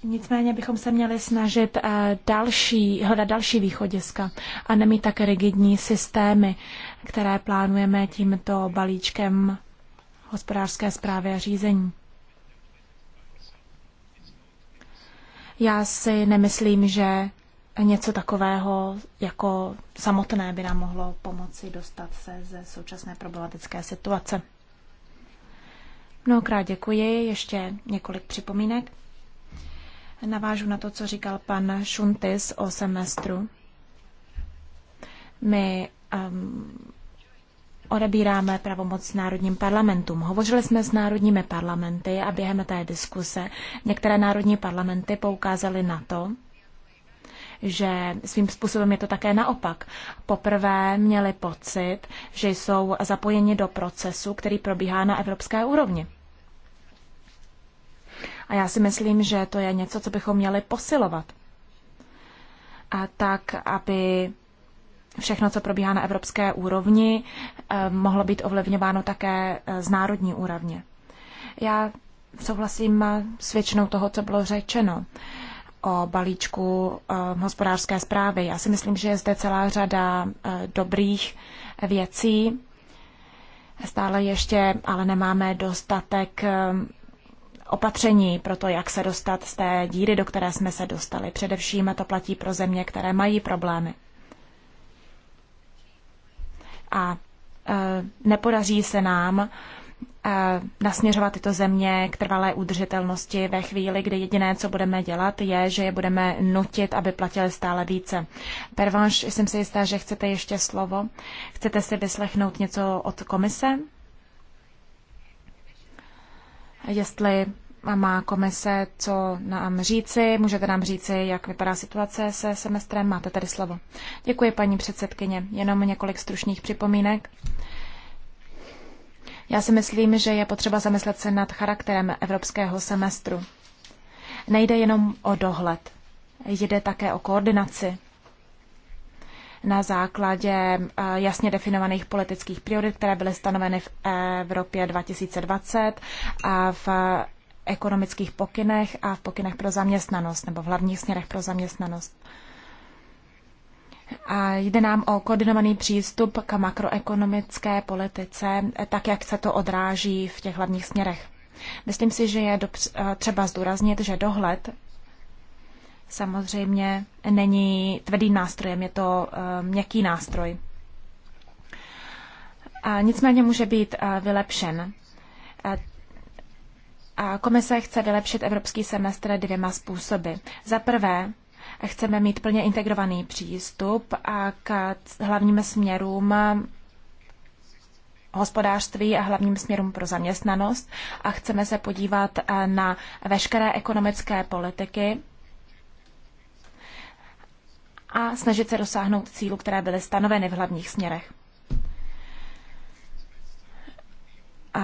Nicméně bychom se měli snažit eh, další, hledat další východiska a nemít tak rigidní systémy, které plánujeme tímto balíčkem hospodářské zprávy a řízení. Já si nemyslím, že něco takového jako samotné by nám mohlo pomoci dostat se ze současné problematické situace. Mnohokrát děkuji, ještě několik připomínek. Navážu na to, co říkal pan Šuntis o semestru. My um, odebíráme pravomoc národním parlamentům. Hovořili jsme s národními parlamenty a během té diskuse některé národní parlamenty poukázaly na to, že svým způsobem je to také naopak. Poprvé měli pocit, že jsou zapojeni do procesu, který probíhá na evropské úrovni. A já si myslím, že to je něco, co bychom měli posilovat. A tak, aby všechno, co probíhá na evropské úrovni, eh, mohlo být ovlivňováno také eh, z národní úrovně. Já souhlasím s většinou toho, co bylo řečeno o balíčku um, hospodářské zprávy. Já si myslím, že je zde celá řada uh, dobrých věcí. Stále ještě ale nemáme dostatek um, opatření pro to, jak se dostat z té díry, do které jsme se dostali. Především to platí pro země, které mají problémy. A uh, nepodaří se nám Eh, nasměřovat tyto země k trvalé udržitelnosti ve chvíli, kdy jediné, co budeme dělat, je, že je budeme nutit, aby platili stále více. Pervanš, jsem si jistá, že chcete ještě slovo. Chcete si vyslechnout něco od komise? Jestli má komise co nám říci, můžete nám říci, jak vypadá situace se semestrem, máte tady slovo. Děkuji, paní předsedkyně. Jenom několik stručných připomínek. Já si myslím, že je potřeba zamyslet se nad charakterem evropského semestru. Nejde jenom o dohled, jde také o koordinaci na základě eh, jasně definovaných politických priorit, které byly stanoveny v Evropě 2020 a v ekonomických pokynech a v pokynech pro zaměstnanost nebo v hlavních směrech pro zaměstnanost. A jde nám o koordinovaný přístup k makroekonomické politice, tak jak se to odráží v těch hlavních směrech. Myslím si, že je eh, třeba zdůraznit, že dohled samozřejmě není tvrdým nástrojem, je to eh, měkký nástroj. A nicméně může být eh, vylepšen. A komise chce vylepšit evropský semestr dvěma způsoby. Za prvé, Chceme mít plně integrovaný přístup a k hlavním směrům hospodářství a hlavním směrům pro zaměstnanost a chceme se podívat eh, na veškeré ekonomické politiky a snažit se dosáhnout cílů, které byly stanoveny v hlavních směrech. A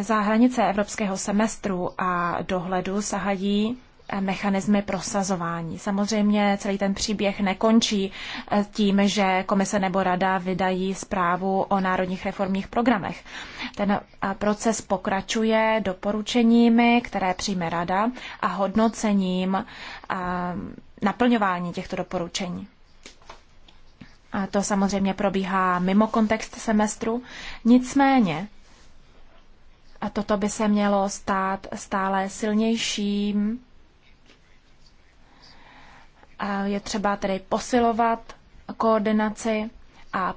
za hranice evropského semestru a dohledu sahají Eh, mechanismy prosazování. Samozřejmě celý ten příběh nekončí eh, tím, že komise nebo rada vydají zprávu o národních reformních programech. Ten eh, proces pokračuje doporučeními, které přijme rada a hodnocením naplňování těchto doporučení. A to samozřejmě probíhá mimo kontext semestru. Nicméně, a toto by se mělo stát stále silnějším je třeba tedy posilovat koordinaci a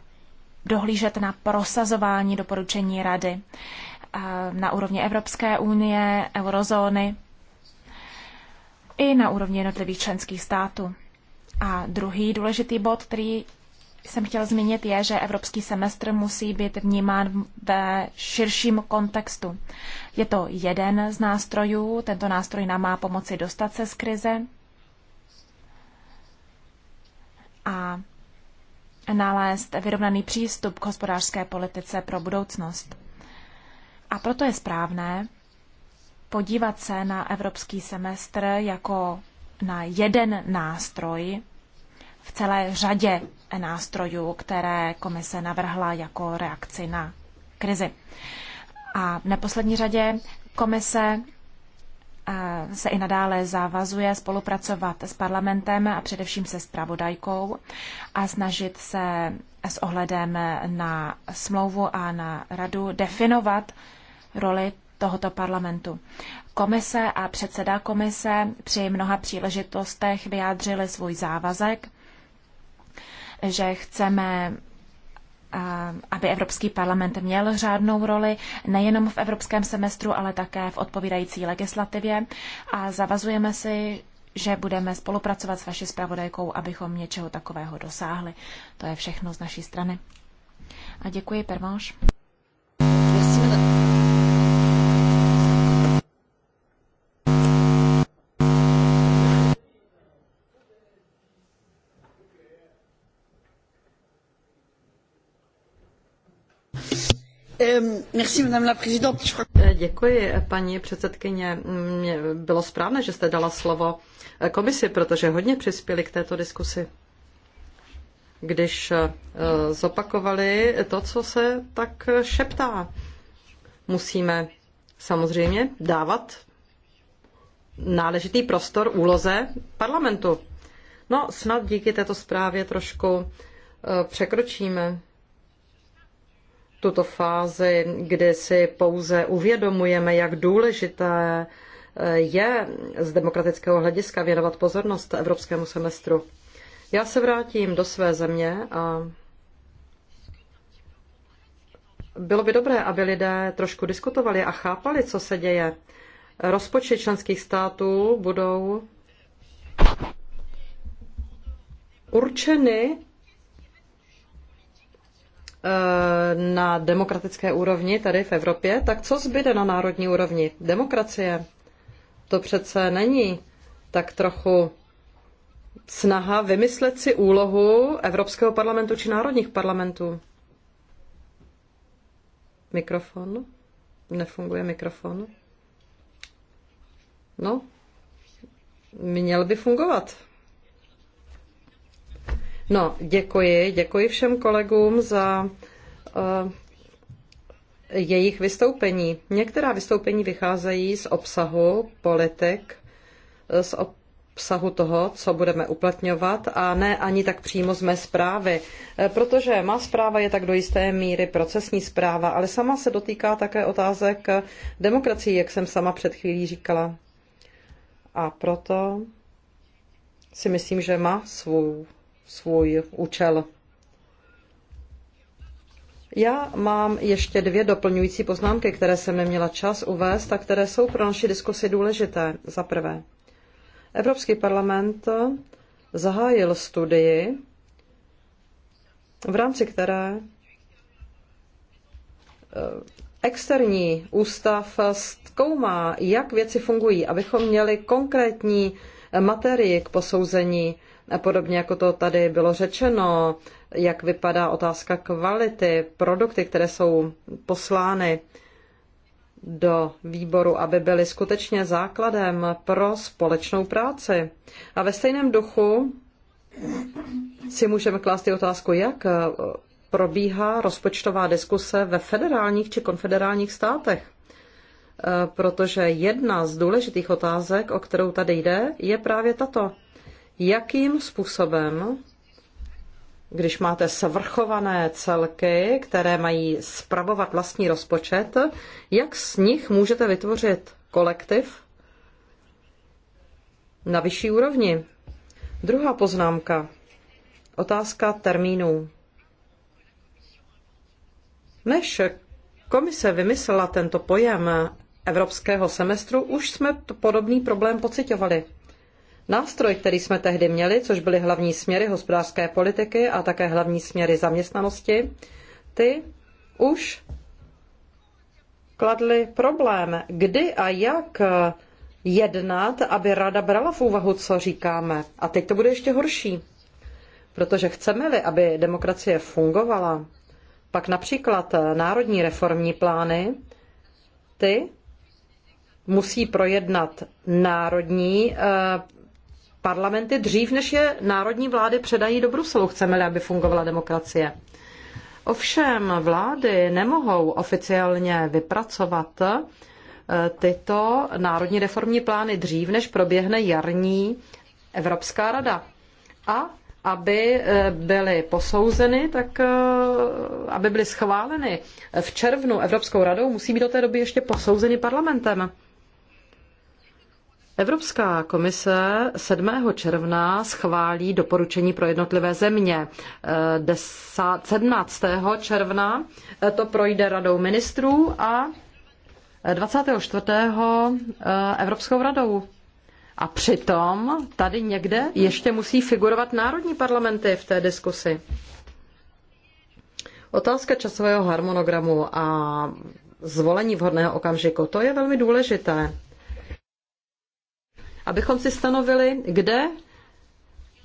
dohlížet na prosazování doporučení rady eh, na úrovni Evropské unie, eurozóny i na úrovni jednotlivých členských států. A druhý důležitý bod, který jsem chtěl zmínit, je, že evropský semestr musí být vnímán ve širším kontextu. Je to jeden z nástrojů, tento nástroj nám má pomoci dostat se z krize, a nalézt vyrovnaný přístup k hospodářské politice pro budoucnost. A proto je správné podívat se na evropský semestr jako na jeden nástroj v celé řadě nástrojů, které komise navrhla jako reakci na krizi. A v neposlední řadě komise se i nadále zavazuje spolupracovat s parlamentem a především se spravodajkou a snažit se s ohledem na smlouvu a na radu definovat roli tohoto parlamentu. Komise a předseda komise při mnoha příležitostech vyjádřili svůj závazek, že chceme Eh, aby Evropský parlament měl řádnou roli nejenom v evropském semestru, ale také v odpovídající legislativě a zavazujeme si, že budeme spolupracovat s vaší zpravodajkou, abychom něčeho takového dosáhli. To je všechno z naší strany. A děkuji, Pervanš. Eh, děkuji, paní předsedkyně. Mě bylo správné, že jste dala slovo eh, komisi, protože hodně přispěli k této diskusi. Když eh, zopakovali to, co se tak šeptá, musíme samozřejmě dávat náležitý prostor úloze parlamentu. No, snad díky této zprávě trošku překročíme tuto fázi, kdy si pouze uvědomujeme, jak důležité eh, je z demokratického hlediska věnovat pozornost evropskému semestru. Já se vrátím do své země a bylo by dobré, aby lidé trošku diskutovali a chápali, co se děje. Rozpočty členských států budou určeny Eh, na demokratické úrovni tady v Evropě, tak co zbyde na národní úrovni? Demokracie. To přece není tak trochu snaha vymyslet si úlohu Evropského parlamentu či národních parlamentů. Mikrofon? Nefunguje mikrofon? No, měl by fungovat. No, děkuji, děkuji všem kolegům za uh, jejich vystoupení. Některá vystoupení vycházejí z obsahu politik, eh, z obsahu toho, co budeme uplatňovat a ne ani tak přímo z mé zprávy, eh, protože má zpráva je tak do jisté míry procesní zpráva, ale sama se dotýká také otázek demokracie, jak jsem sama před chvílí říkala. A proto si myslím, že má svou svůj účel. Já mám ještě dvě doplňující poznámky, které jsem neměla čas uvést a které jsou pro naši diskusi důležité. Za prvé, Evropský parlament zahájil studii, v rámci které eh, externí ústav zkoumá, jak věci fungují, abychom měli konkrétní eh, materii k posouzení Podobně jako to tady bylo řečeno, jak vypadá otázka kvality, produkty, které jsou poslány do výboru, aby byly skutečně základem pro společnou práci. A ve stejném duchu si můžeme klást i otázku, jak probíhá rozpočtová diskuse ve federálních či konfederálních státech. Protože jedna z důležitých otázek, o kterou tady jde, je právě tato jakým způsobem, když máte svrchované celky, které mají spravovat vlastní rozpočet, jak z nich můžete vytvořit kolektiv na vyšší úrovni? Druhá poznámka. Otázka termínů. Než komise vymyslela tento pojem evropského semestru, už jsme podobný problém pocitovali. Nástroj, který jsme tehdy měli, což byly hlavní směry hospodářské politiky a také hlavní směry zaměstnanosti, ty už kladly problém, kdy a jak jednat, aby rada brala v úvahu, co říkáme. A teď to bude ještě horší. Protože chceme-li, aby demokracie fungovala, pak například národní reformní plány, ty musí projednat národní eh, parlamenty dřív, než je národní vlády předají do Bruselu, chceme-li, aby fungovala demokracie. Ovšem vlády nemohou oficiálně vypracovat eh, tyto národní reformní plány dřív, než proběhne jarní Evropská rada. A aby eh, byly posouzeny, tak eh, aby byly schváleny v červnu Evropskou radou, musí být do té doby ještě posouzeny parlamentem. Evropská komise 7. června schválí doporučení pro jednotlivé země. 17. Eh, června eh, to projde radou ministrů a 24. Eh, Evropskou radou. A přitom tady někde ještě musí figurovat národní parlamenty v té diskusi. Otázka časového harmonogramu a zvolení vhodného okamžiku, to je velmi důležité abychom si stanovili, kde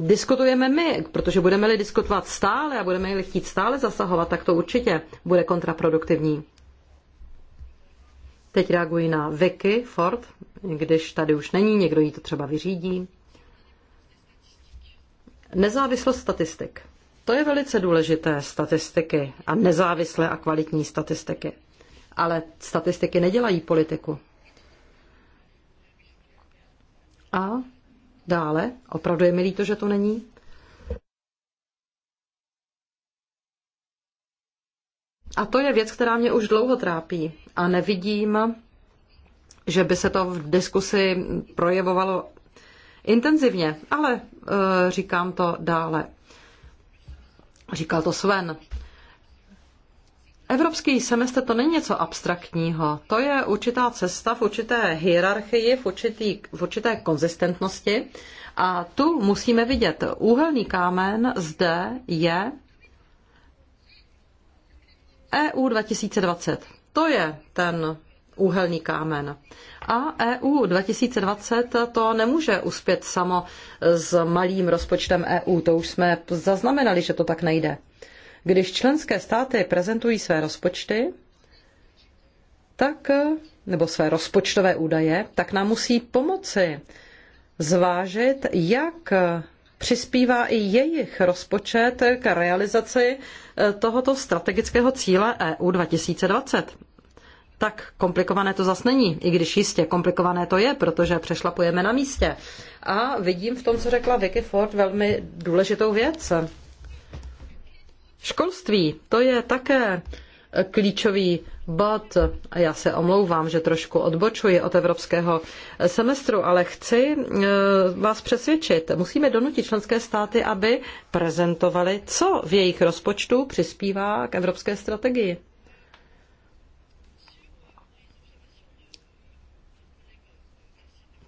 diskutujeme my, protože budeme-li diskutovat stále a budeme-li chtít stále zasahovat, tak to určitě bude kontraproduktivní. Teď reaguji na Vicky Ford, když tady už není, někdo jí to třeba vyřídí. Nezávislost statistik. To je velice důležité, statistiky a nezávislé a kvalitní statistiky. Ale statistiky nedělají politiku. A dále, opravdu je mi líto, že to není, A to je věc, která mě už dlouho trápí a nevidím, že by se to v diskusi projevovalo intenzivně, ale e, říkám to dále. Říkal to Sven. Evropský semestr to není něco abstraktního, to je určitá cesta v určité hierarchii, v, určitý, v určité konzistentnosti a tu musíme vidět. Úhelný kámen zde je EU 2020. To je ten úhelný kámen. A EU 2020 to nemůže uspět samo s malým rozpočtem EU. To už jsme zaznamenali, že to tak nejde. Když členské státy prezentují své rozpočty, tak, nebo své rozpočtové údaje, tak nám musí pomoci zvážit, jak přispívá i jejich rozpočet k realizaci eh, tohoto strategického cíle EU 2020. Tak komplikované to zas není, i když jistě komplikované to je, protože přešlapujeme na místě. A vidím v tom, co řekla Vicky Ford, velmi důležitou věc. Školství, to je také eh, klíčový bod. A já se omlouvám, že trošku odbočuji od evropského eh, semestru, ale chci eh, vás přesvědčit. Musíme donutit členské státy, aby prezentovali, co v jejich rozpočtu přispívá k evropské strategii.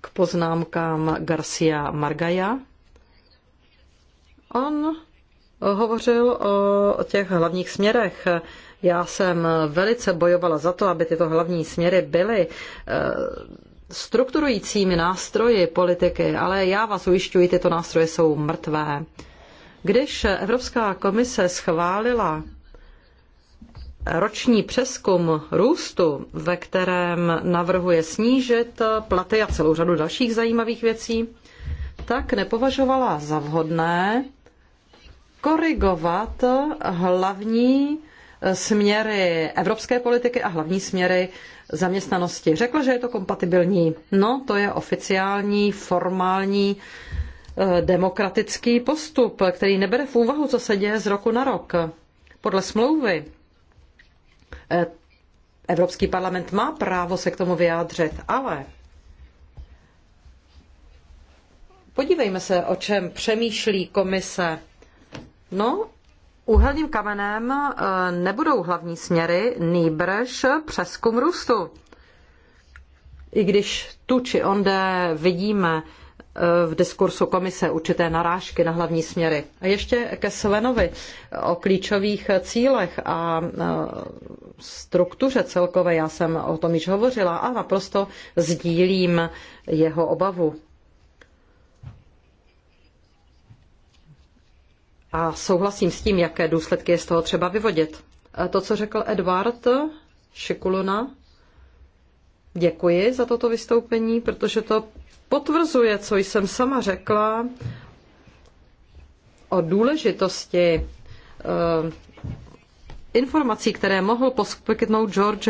K poznámkám Garcia Margaja. On hovořil o těch hlavních směrech. Já jsem velice bojovala za to, aby tyto hlavní směry byly eh, strukturujícími nástroji politiky, ale já vás ujišťuji, tyto nástroje jsou mrtvé. Když Evropská komise schválila roční přeskum růstu, ve kterém navrhuje snížit platy a celou řadu dalších zajímavých věcí, tak nepovažovala za vhodné korigovat hlavní eh, směry evropské politiky a hlavní směry zaměstnanosti. Řekl, že je to kompatibilní. No, to je oficiální, formální eh, demokratický postup, který nebere v úvahu, co se děje z roku na rok. Podle smlouvy eh, Evropský parlament má právo se k tomu vyjádřit, ale podívejme se, o čem přemýšlí komise No, úhelným kamenem eh, nebudou hlavní směry, nýbrž přeskum růstu. I když tu či onde vidíme eh, v diskursu komise určité narážky na hlavní směry. A ještě ke Svenovi o klíčových cílech a eh, struktuře celkové, já jsem o tom již hovořila a naprosto sdílím jeho obavu. a souhlasím s tím, jaké důsledky je z toho třeba vyvodit. To, co řekl Edward Šikuluna, děkuji za toto vystoupení, protože to potvrzuje, co jsem sama řekla o důležitosti eh, informací, které mohl poskytnout George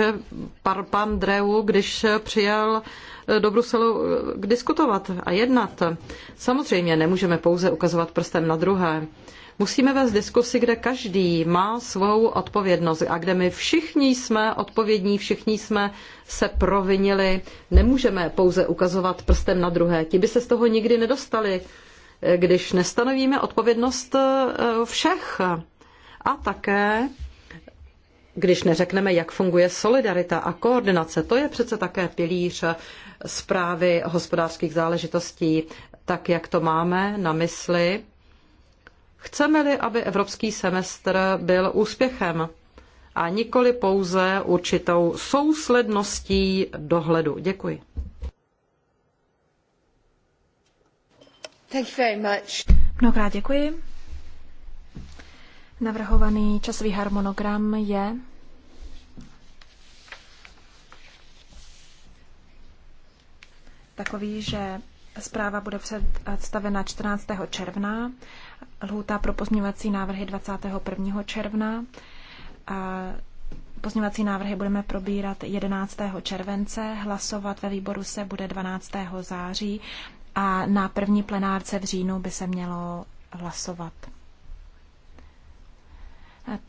Papandreou, když přijel eh, do Bruselu eh, diskutovat a jednat. Samozřejmě nemůžeme pouze ukazovat prstem na druhé. Musíme vést diskusi, kde každý má svou odpovědnost a kde my všichni jsme odpovědní, všichni jsme se provinili. Nemůžeme pouze ukazovat prstem na druhé. Ti by se z toho nikdy nedostali, eh, když nestanovíme odpovědnost všech. A také když neřekneme, jak funguje solidarita a koordinace, to je přece také pilíř zprávy hospodářských záležitostí, tak jak to máme na mysli. Chceme-li, aby evropský semestr byl úspěchem a nikoli pouze určitou sousledností dohledu. Děkuji. Thank you very much. Mnohokrát děkuji. Navrhovaný časový harmonogram je takový, že zpráva bude představena 14. června, lhůta pro pozměňovací návrhy 21. června. A pozměňovací návrhy budeme probírat 11. července, hlasovat ve výboru se bude 12. září a na první plenárce v říjnu by se mělo hlasovat.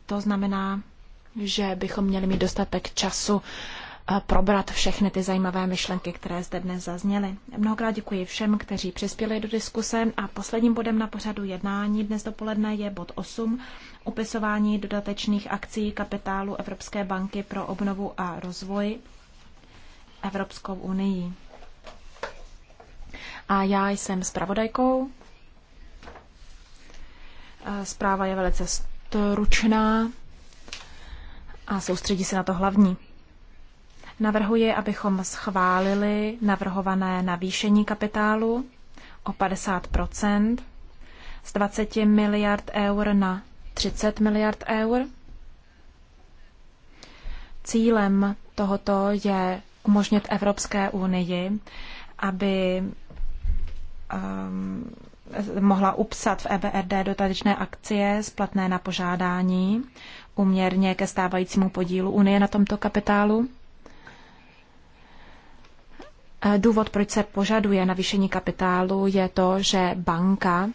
To znamená, že bychom měli mít dostatek času eh, probrat všechny ty zajímavé myšlenky, které zde dnes zazněly. Mnohokrát děkuji všem, kteří přispěli do diskuse a posledním bodem na pořadu jednání dnes dopoledne je bod 8, upisování dodatečných akcí kapitálu Evropské banky pro obnovu a rozvoj Evropskou unii. A já jsem zpravodajkou. Eh, zpráva je velice ručná a soustředí se na to hlavní. Navrhuje, abychom schválili navrhované navýšení kapitálu o 50 z 20 miliard eur na 30 miliard eur. Cílem tohoto je umožnit Evropské unii, aby um, mohla upsat v EBRD dotatečné akcie splatné na požádání uměrně ke stávajícímu podílu Unie na tomto kapitálu. Důvod, proč se požaduje navýšení kapitálu, je to, že banka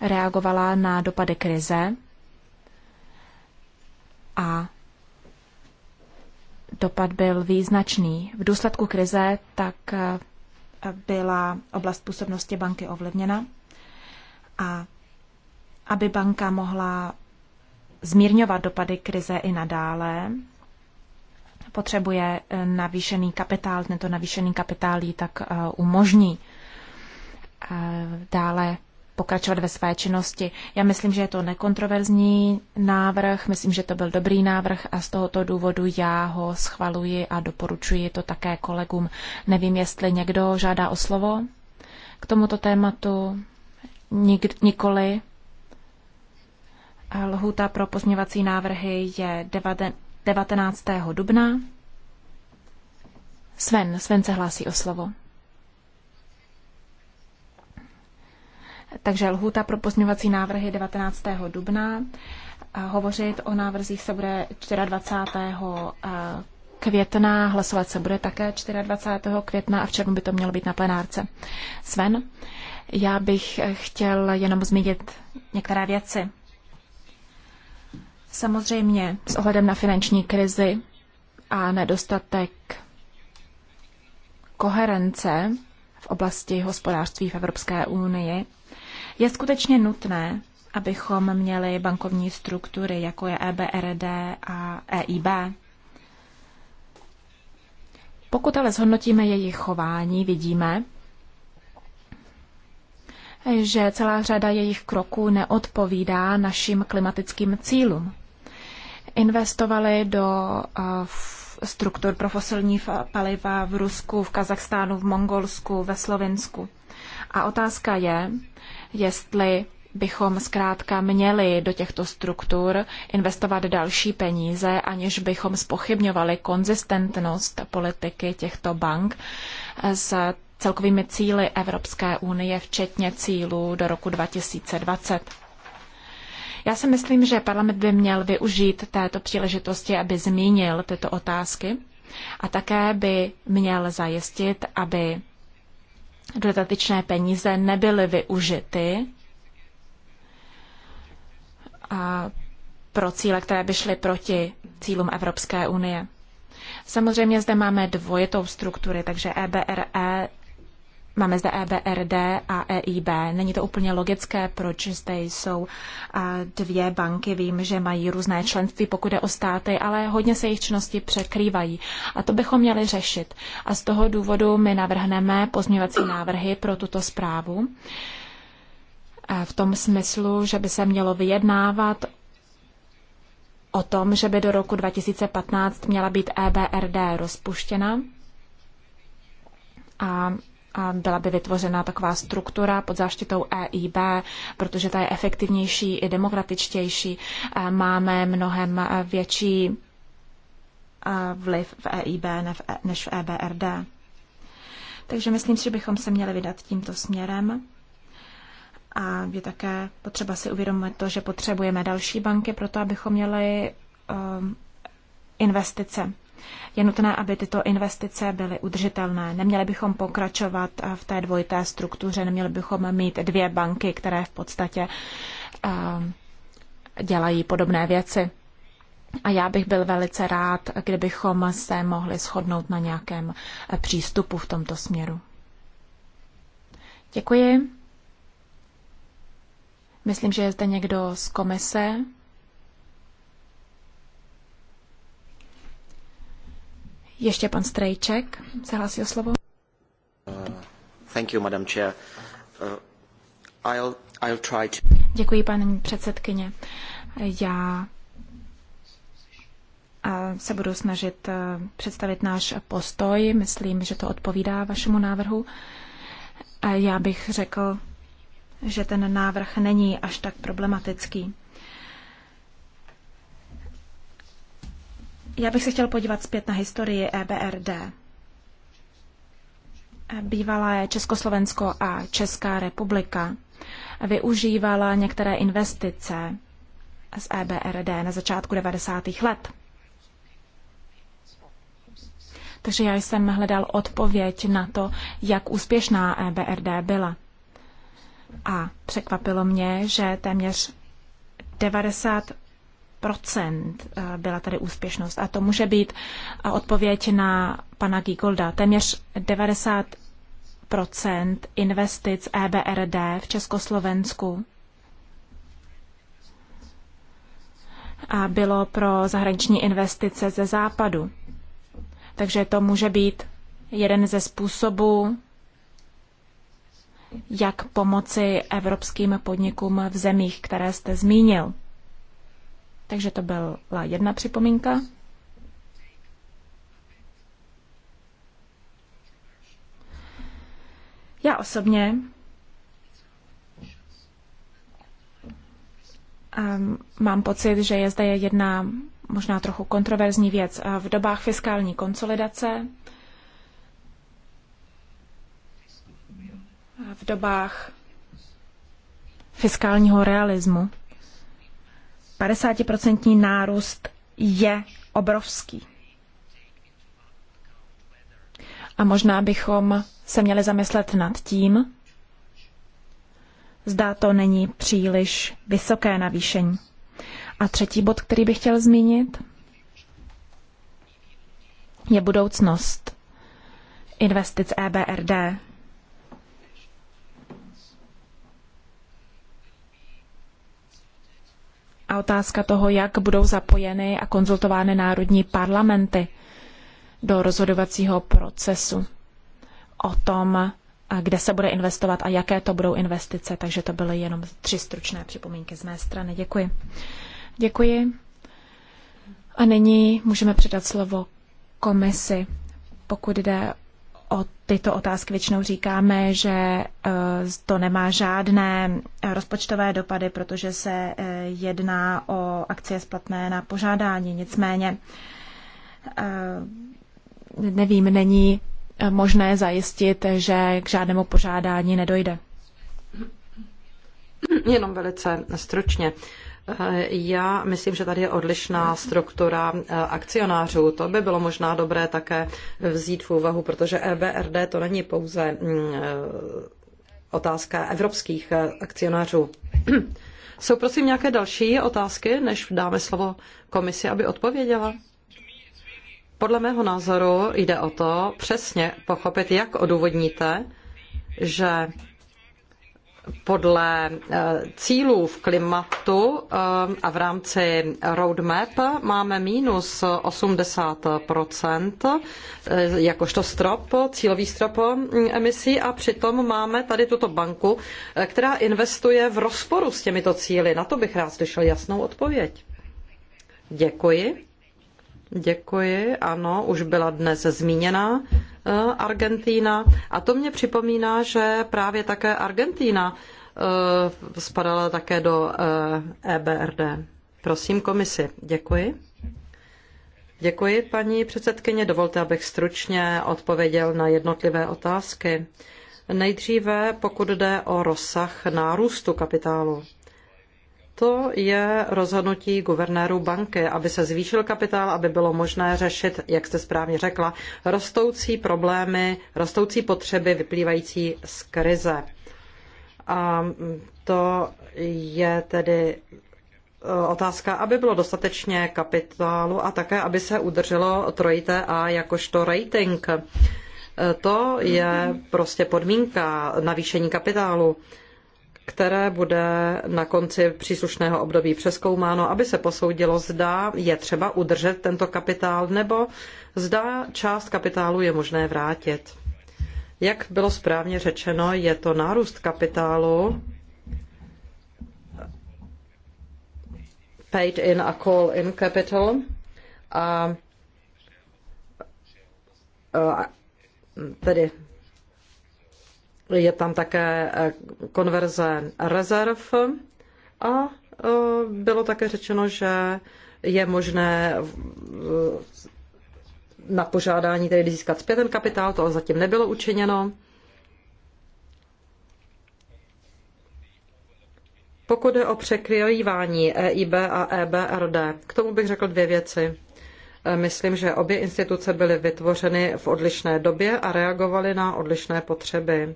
reagovala na dopady krize a dopad byl význačný. V důsledku krize tak eh, byla oblast působnosti banky ovlivněna a aby banka mohla zmírňovat dopady krize i nadále, potřebuje eh, navýšený kapitál, tento navýšený kapitál jí tak eh, umožní eh, dále pokračovat ve své činnosti. Já myslím, že je to nekontroverzní návrh, myslím, že to byl dobrý návrh a z tohoto důvodu já ho schvaluji a doporučuji to také kolegům. Nevím, jestli někdo žádá o slovo k tomuto tématu. Nik, nikoli. Lhůta pro pozměvací návrhy je 19. dubna. Sven, Sven se hlásí o slovo. Takže lhůta pro pozměňovací návrhy 19. dubna. Hovořit o návrzích se bude 24. Eh, května, hlasovat se bude také 24. května a v červnu by to mělo být na plenárce. Sven, já bych chtěl jenom zmínit některé věci. Samozřejmě s ohledem na finanční krizi a nedostatek koherence v oblasti hospodářství v Evropské unii je skutečně nutné, abychom měli bankovní struktury, jako je EBRD a EIB. Pokud ale zhodnotíme jejich chování, vidíme, že celá řada jejich kroků neodpovídá našim klimatickým cílům. Investovali do eh, struktur pro fosilní paliva v Rusku, v Kazachstánu, v Mongolsku, ve Slovensku. A otázka je, jestli bychom zkrátka měli do těchto struktur investovat další peníze, aniž bychom spochybňovali konzistentnost politiky těchto bank s celkovými cíly Evropské unie, včetně cílů do roku 2020. Já si myslím, že parlament by měl využít této příležitosti, aby zmínil tyto otázky a také by měl zajistit, aby dodatečné peníze nebyly využity a pro cíle, které by šly proti cílům Evropské unie. Samozřejmě zde máme dvojitou strukturu, takže EBRE Máme zde EBRD a EIB. Není to úplně logické, proč zde jsou dvě banky. Vím, že mají různé členství, pokud je o státy, ale hodně se jejich činnosti překrývají. A to bychom měli řešit. A z toho důvodu my navrhneme pozměňovací návrhy pro tuto zprávu. V tom smyslu, že by se mělo vyjednávat o tom, že by do roku 2015 měla být EBRD rozpuštěna a byla by vytvořena taková struktura pod záštitou EIB, protože ta je efektivnější i demokratičtější. Máme mnohem větší vliv v EIB než v EBRD. Takže myslím si, že bychom se měli vydat tímto směrem. A je také potřeba si uvědomit to, že potřebujeme další banky pro to, abychom měli um, investice. Je nutné, aby tyto investice byly udržitelné. Neměli bychom pokračovat v té dvojité struktuře, neměli bychom mít dvě banky, které v podstatě ehm, dělají podobné věci. A já bych byl velice rád, kdybychom se mohli shodnout na nějakém eh, přístupu v tomto směru. Děkuji. Myslím, že je zde někdo z komise. Ještě pan Strejček se hlásí o slovo. Uh, thank you, Madam Chair. Uh, I'll, I'll try to... Děkuji, paní předsedkyně. Já uh, se budu snažit představit náš postoj. Myslím, že to odpovídá vašemu návrhu. Já bych řekl, že ten návrh není až tak problematický. Já bych se chtěl podívat zpět na historii EBRD. je Československo a Česká republika využívala některé investice z EBRD na začátku 90. let. Takže já jsem hledal odpověď na to, jak úspěšná EBRD byla. A překvapilo mě, že téměř 90 Procent eh, byla tady úspěšnost. A to může být eh, odpověď na pana Gigolda. Téměř 90 investic EBRD v Československu a bylo pro zahraniční investice ze západu. Takže to může být jeden ze způsobů, jak pomoci evropským podnikům v zemích, které jste zmínil. Takže to byla jedna připomínka. Já osobně ehm, mám pocit, že je zde jedna možná trochu kontroverzní věc. V dobách fiskální konsolidace, v dobách fiskálního realismu, 50% nárůst je obrovský. A možná bychom se měli zamyslet nad tím, zdá to není příliš vysoké navýšení. A třetí bod, který bych chtěl zmínit, je budoucnost investic EBRD. a otázka toho, jak budou zapojeny a konzultovány národní parlamenty do rozhodovacího procesu o tom, kde se bude investovat a jaké to budou investice. Takže to byly jenom tři stručné připomínky z mé strany. Děkuji. Děkuji. A nyní můžeme předat slovo komisi, pokud jde o tyto otázky většinou říkáme, že e, to nemá žádné e, rozpočtové dopady, protože se e, jedná o akcie splatné na požádání. Nicméně, nevím, není možné zajistit, že k žádnému požádání nedojde. Jenom velice stručně. Já myslím, že tady je odlišná struktura eh, akcionářů. To by bylo možná dobré také vzít v úvahu, protože EBRD to není pouze mm, eh, otázka evropských eh, akcionářů. Jsou prosím nějaké další otázky, než dáme slovo komisi, aby odpověděla? Podle mého názoru jde o to přesně pochopit, jak odůvodníte, že podle eh, cílů v klimatu eh, a v rámci roadmap máme minus 80 eh, jakožto strop, cílový strop mm, emisí a přitom máme tady tuto banku, která investuje v rozporu s těmito cíli. Na to bych rád slyšel jasnou odpověď. Děkuji. Děkuji, ano, už byla dnes zmíněna Eh, Argentína. A to mě připomíná, že právě také Argentína eh, spadala také do EBRD. Eh, e Prosím komisi. Děkuji. Děkuji, paní předsedkyně. Dovolte, abych stručně odpověděl na jednotlivé otázky. Nejdříve, pokud jde o rozsah nárůstu kapitálu to je rozhodnutí guvernérů banky, aby se zvýšil kapitál, aby bylo možné řešit, jak jste správně řekla, rostoucí problémy, rostoucí potřeby vyplývající z krize. A to je tedy e, otázka, aby bylo dostatečně kapitálu a také, aby se udrželo trojité A jakožto rating. E, to je prostě podmínka navýšení kapitálu které bude na konci příslušného období přeskoumáno, aby se posoudilo, zda je třeba udržet tento kapitál nebo zda část kapitálu je možné vrátit. Jak bylo správně řečeno, je to nárůst kapitálu paid in a call in capital a, a tedy je tam také eh, konverze rezerv a eh, bylo také řečeno, že je možné eh, na požádání tedy získat zpět ten kapitál, to zatím nebylo učiněno. Pokud je o překrývání EIB a EBRD, k tomu bych řekl dvě věci. Myslím, že obě instituce byly vytvořeny v odlišné době a reagovaly na odlišné potřeby.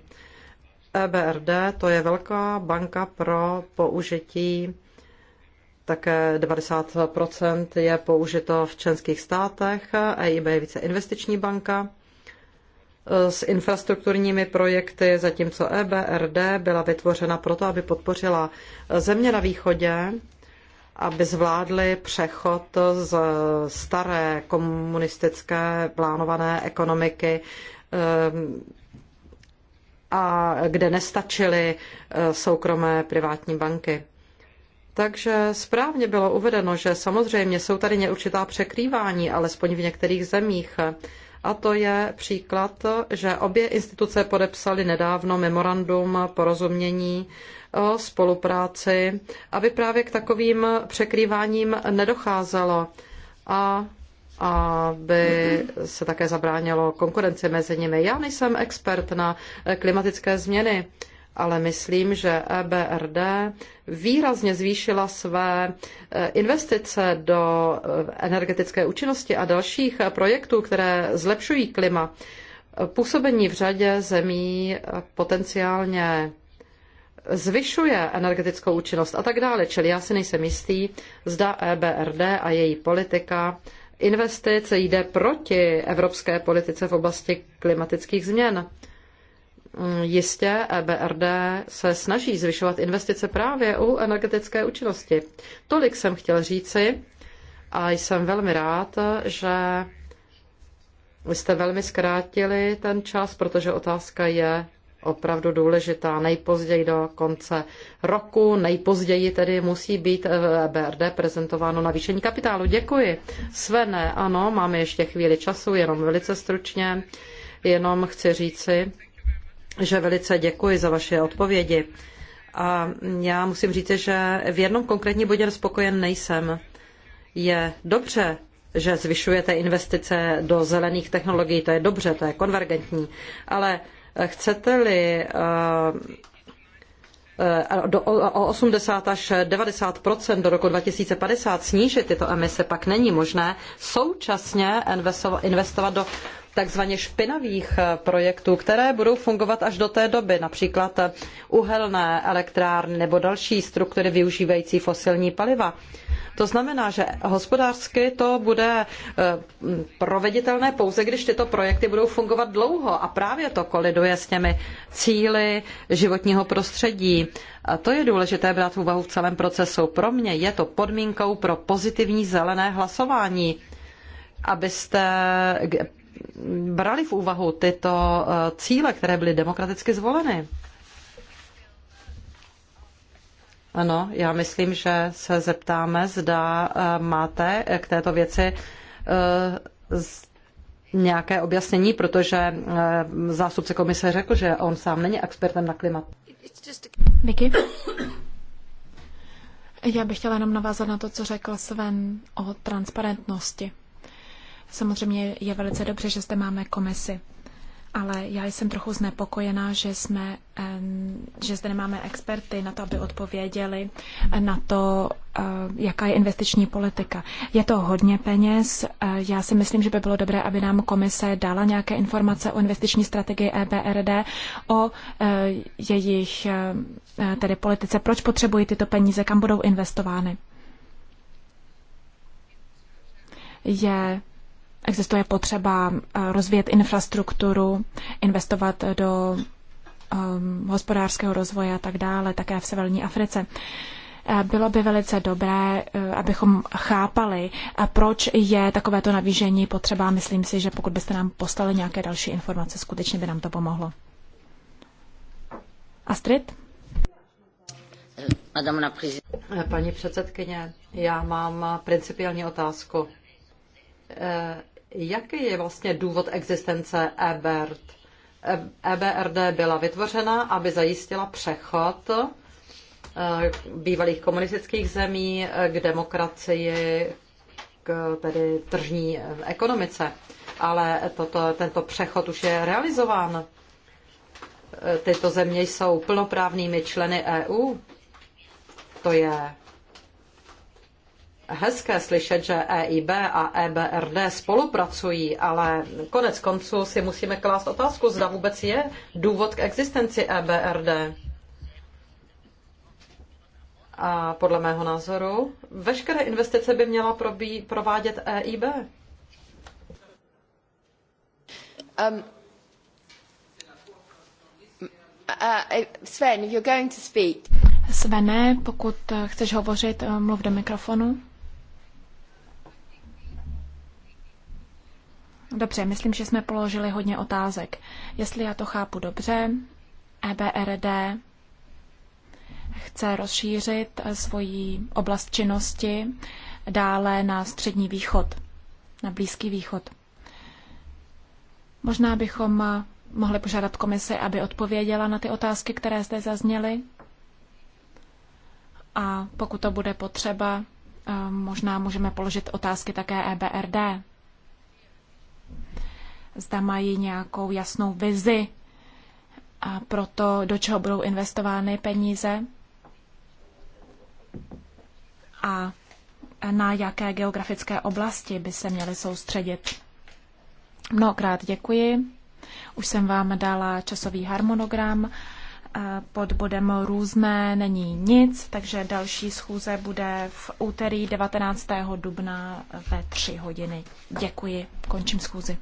EBRD to je velká banka pro použití také 90 je použito v členských státech, EIB je více investiční banka s infrastrukturními projekty, zatímco EBRD byla vytvořena proto, aby podpořila země na východě aby zvládli přechod z staré komunistické plánované ekonomiky eh, a kde nestačily eh, soukromé privátní banky. Takže správně bylo uvedeno, že samozřejmě jsou tady neurčitá překrývání, alespoň v některých zemích. A to je příklad, že obě instituce podepsaly nedávno memorandum porozumění o spolupráci, aby právě k takovým překrýváním nedocházelo a aby se také zabránilo konkurenci mezi nimi. Já nejsem expert na klimatické změny, ale myslím, že EBRD výrazně zvýšila své eh, investice do eh, energetické účinnosti a dalších eh, projektů, které zlepšují klima. Působení v řadě zemí potenciálně zvyšuje energetickou účinnost a tak dále. Čili já si nejsem jistý, zda EBRD a její politika investic jde proti evropské politice v oblasti klimatických změn. Mm, Jistě EBRD se snaží zvyšovat investice právě u energetické účinnosti. Tolik jsem chtěl říci a jsem velmi rád, že jste velmi zkrátili ten čas, protože otázka je opravdu důležitá. Nejpozději do konce roku, nejpozději tedy musí být v eh, e BRD prezentováno navýšení kapitálu. Děkuji. Svené, ano, máme ještě chvíli času, jenom velice stručně. Jenom chci říci, že velice děkuji za vaše odpovědi. A já musím říct, že v jednom konkrétním bodě spokojen nejsem. Je dobře, že zvyšujete investice do zelených technologií, to je dobře, to je konvergentní, ale Chcete-li eh, eh, o 80 až 90 do roku 2050 snížit tyto emise, pak není možné současně investovat do takzvaně špinavých eh, projektů, které budou fungovat až do té doby, například eh, uhelné elektrárny nebo další struktury využívající fosilní paliva. To znamená, že hospodářsky to bude eh, proveditelné pouze, když tyto projekty budou fungovat dlouho a právě to koliduje s těmi cíly životního prostředí. A to je důležité brát v úvahu v celém procesu. Pro mě je to podmínkou pro pozitivní zelené hlasování abyste brali v úvahu tyto eh, cíle, které byly demokraticky zvoleny? Ano, já myslím, že se zeptáme, zda eh, máte k této věci eh, nějaké objasnění, protože zástupce komise řekl, že on sám není expertem na klimat. Vicky? Já bych chtěla jenom navázat na to, co řekl Sven o transparentnosti. Samozřejmě je velice dobře, že zde máme komisi, ale já jsem trochu znepokojená, že, jsme, že zde nemáme experty na to, aby odpověděli na to, eh, jaká je investiční politika. Je to hodně peněz. Eh, já si myslím, že by bylo dobré, aby nám komise dala nějaké informace o investiční strategii EBRD, o eh, jejich tedy politice, proč potřebují tyto peníze, kam budou investovány. Je Existuje potřeba eh, rozvíjet infrastrukturu, investovat do um, hospodářského rozvoje a tak dále, také v severní Africe. Eh, bylo by velice dobré, eh, abychom chápali, proč je takovéto navýšení potřeba. Myslím si, že pokud byste nám poslali nějaké další informace, skutečně by nám to pomohlo. Astrid? Paní předsedkyně, já mám principiální otázku. Jaký je vlastně důvod existence EBRD? EBRD byla vytvořena, aby zajistila přechod eh, bývalých komunistických zemí eh, k demokracii, k tedy tržní eh, ekonomice. Ale toto, tento přechod už je realizován. Tyto země jsou plnoprávnými členy EU. To je hezké slyšet, že EIB a EBRD spolupracují, ale konec konců si musíme klást otázku, zda vůbec je důvod k existenci EBRD. A podle mého názoru veškeré investice by měla probí, provádět EIB. Um, uh, uh, Sven, you're going to speak. Svene, pokud chceš hovořit, uh, mluv do mikrofonu. Dobře, myslím, že jsme položili hodně otázek. Jestli já to chápu dobře, EBRD chce rozšířit eh, svoji oblast činnosti dále na Střední východ, na Blízký východ. Možná bychom eh, mohli požádat komisi, aby odpověděla na ty otázky, které zde zazněly. A pokud to bude potřeba, eh, možná můžeme položit otázky také EBRD zda mají nějakou jasnou vizi a pro to do čeho budou investovány peníze a na jaké geografické oblasti by se měly soustředit. Mnohokrát děkuji. Už jsem vám dala časový harmonogram. Pod bodem různé není nic, takže další schůze bude v úterý 19. dubna ve 3 hodiny. Děkuji, končím schůzi.